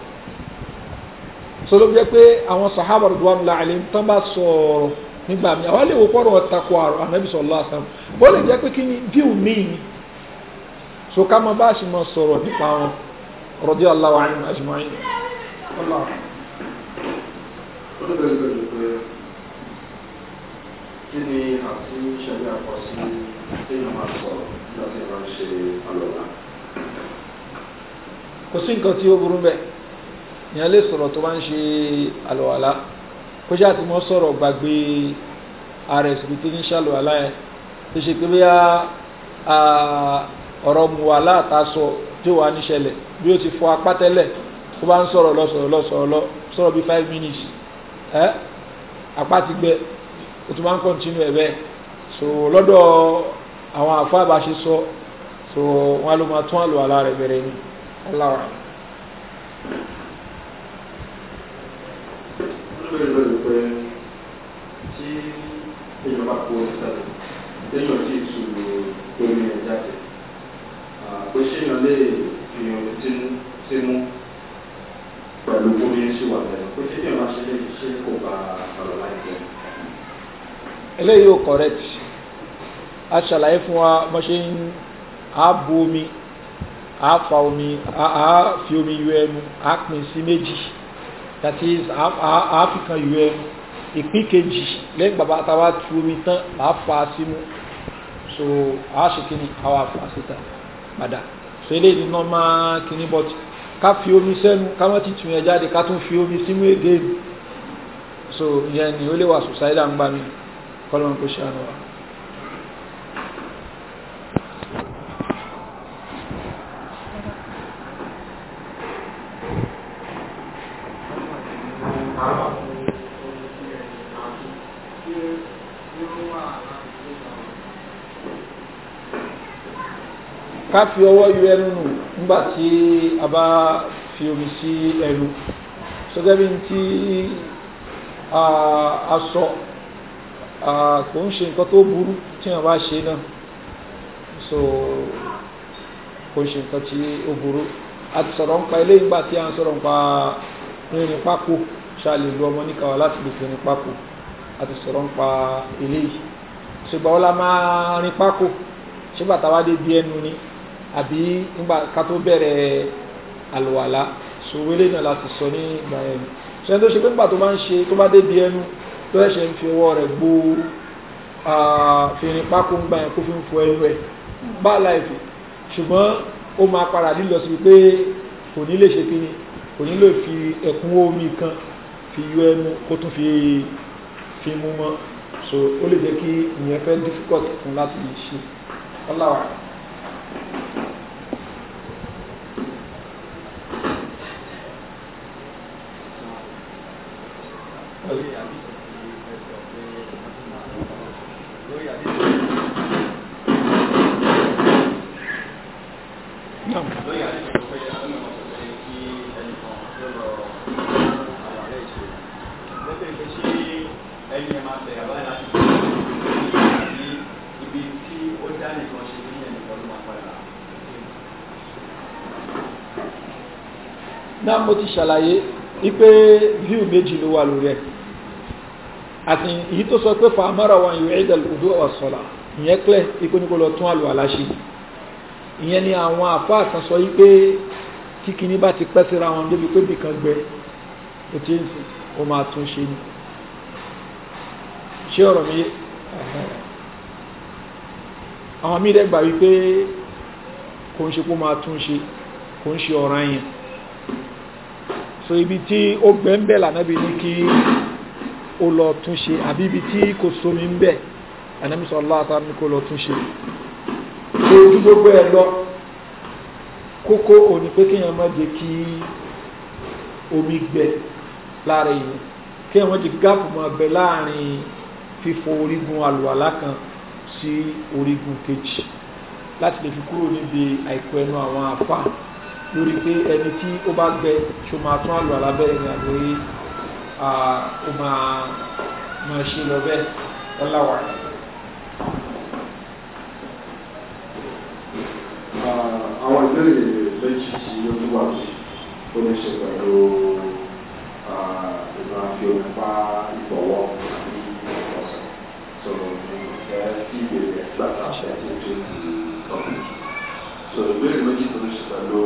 sọlọ jẹ pé àwọn sàhábà rẹ̀dùwà ńlá àlẹ́ tó ń bá sọ̀rọ̀ nígbà mi àwọn lè wo pọ́rọ̀ ọ̀tàkùn àrùn ànábìsọ̀ lọ́sàn ó lè jẹ́ pé kí ni bíù míì so ká mọ bá a ṣe mọ sọ̀rọ̀ nípa wọn radiyallahu anhum ajma'in. kí ni àti ṣẹlẹ̀ àkọsí téèyàn máa sọ̀rọ̀ nígbà tí wọ́n ṣe àlọ́lá. kò sí nǹkan tí ó burú bẹ́ẹ̀ ìyẹn lè sọ̀rọ̀ tó bá ń ṣe àlọ́wàlá kó ṣáà tí wọ́n sọ̀rọ̀ gbàgbé ààrẹ ìsìnkú tí ń ṣàlọ́wàlá tó ṣe pé bí a ọ̀rọ̀ muwala àtàsọ tí ó wà níṣẹlẹ̀ bí ó ti fọ apá tẹ́lẹ̀ ó bá ń sọ̀rọ̀ lọ sọ̀rọ̀ lọ sọ̀rọ̀ lọ sọ̀rọ̀ bí five minutes ẹ́ apá ti gbẹ ó tún máa ń continue ẹ̀ bẹ́ẹ̀ so lọ́dọ̀ àwọn àfa àbáṣe sọ so wọn ló máa tún àlò àlá rẹ̀ bẹ̀rẹ̀ ni aláwa. tí èèyàn bá kó sẹ́yìn lẹ́yìn ọ̀sẹ̀ wà bẹ́ẹ̀ eléyìí ò correct a ṣàlàyé fún wa bó ṣe ń ààbò omi àáfa omi àáfi omi yọ ẹnu àápin sí méjì that is àáfikan yọ ẹnu ìpín kejì lẹ́yìn bàbá àtàwà tu omi tán àáfa símú so àá ṣe kíni àwa àfa síta padà so eléyìí ni normal kíní bọ́tù ká fi omi sẹ́nu ká má ti tún yẹn jáde ká tún fi omi sínú èdè so ìyẹn ni ó lè wà sòsáìdà ń gbà mí kọ́lọ́n kò ṣe àná ká fi ọwọ́ yọ ẹnu nù nígbà tí a bá fi omi sí ẹnu sọgẹ́ tí a sọ kò ń ṣe nǹkan tó burú tí wọ́n bá ṣe náà so kò ń ṣe nǹkan tí ó burú àti sọ̀rọ̀ ń pa ilé ìgbà tí a ń sọ̀rọ̀ ń pa rìnrìn pákó ṣáàlè lu ọmọ níkàwá láti lè fi rìn pákó àti sọ̀rọ̀ ń pa ilé yìí ṣùgbọ́n ó la máa rìn pákó ṣé bàtà wá dé bí ẹnu ni àbí nígbà ká tó bẹ̀rẹ̀ àlùwàlá sòwélé náà láti sọ ní ìgbà ẹnu ṣe tó ṣe pé nígbà tó máa ń ṣe tó bá débi ẹnu tó ẹ̀ṣẹ̀ ń fi ọwọ́ rẹ̀ gbó fìrìn pákó ń gbà yẹn kó fi ń fọ ẹnu ẹ̀ bá láìpẹ́ ṣùgbọ́n ó máa padà lílọ sí pé kò ní lè ṣe kí ni kò ní lè fi ẹ̀kún omi kan fi yọ ẹnu kó tún fi fi mú mọ́ so ó lè jẹ́ kí ìyẹn fẹ́ difficult fún láti ṣe ọláwàá 아, 여기 안비 náà mo ti ṣàlàyé wípé view méjì ló wà lórí ẹ̀ àti èyí tó sọ pé fàámọ́ra wa yóò ẹ̀dà lòdó ọ̀sọ̀lá ìyẹn clẹ̀ ikú ní kó lọ tún àlò aláṣẹ ìyẹn ni àwọn àfa àtàn sọ wípé tí kinní bá ti pẹ́ síra wọn débi pé bìkan gbẹ ó ti ń sìn ó máa tún ṣe ni ṣé ọ̀rọ̀ mi àwọn míì dẹ́gbà wípé kò ń ṣe kó máa tún ṣe kò ń ṣe ọ̀ràn yẹn so ibi tí ó gbẹ́ ń bẹ̀ lànàbí ní kí ó lọ tún ṣe àbí ibi tí kò sómi ń bẹ̀ ànàbí sọ̀rọ̀ láta ní kó lọ tún ṣe so ojú gbogbo ẹ̀ lọ kókó òní pé kéèyàn má jẹ́ kí omi gbẹ lára èèyàn má jẹ́ kí gáàpù máa bẹ láàrin fífọ orígun àlùwàlá kan sí orígun kejì láti lè fi kúrò níbi àìkú àwọn àfáà lórí pé ẹni tí ó bá gbẹ ṣo máa tún àlọ́ alábẹ́rẹ́ ní àgbò yìí ó máa máa ṣe lọ bẹ́ẹ̀ ọláwà. àwọn ìbéèrè méjì tí ó tún wà sí ó ní ṣe pẹ̀lú ìgbà fi omi pa ìbọ̀wọ́ àti ìbọ̀sán sọ̀rọ̀ ní ìfẹ́ sí ìbéèrè àti ẹgbẹ́ tó sọ ìbéèrè méjì tó ṣe pẹ̀lú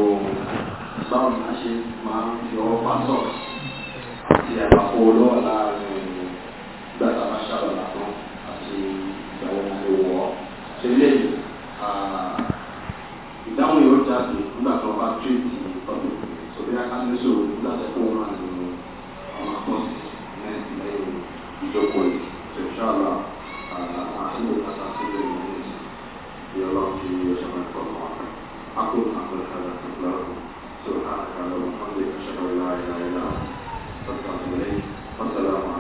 báwo ni a ṣe máa ń fi ọwọ́ pa sọ́ọ̀ àti àpapọ̀ olówó láàrin gbàtà bá ṣàlọ́lá tán àti ìgbàwọ́ ìlú wọ́ ṣe lè ìdáhùn yóò jáde nígbà tó bá tírìtì ọdún sọ̀rọ̀ yá ká ní sòrò nígbà tó kó wọn àti àwọn akọ́sí lẹ́yìn ìjókòó yìí ṣèṣàlọ́ àwọn àṣìlò pàtàkì lẹ́yìn ìyọlọ́ọ̀kì ìyọ̀ṣọ́mọ́ ìfọ̀lọ́wọ́. أقول حق هذا استغفار سبحانك اللهم وبحمدك أشهد أن لا إله إلا أنت أستغفرك وأتوب إليك والسلام عليكم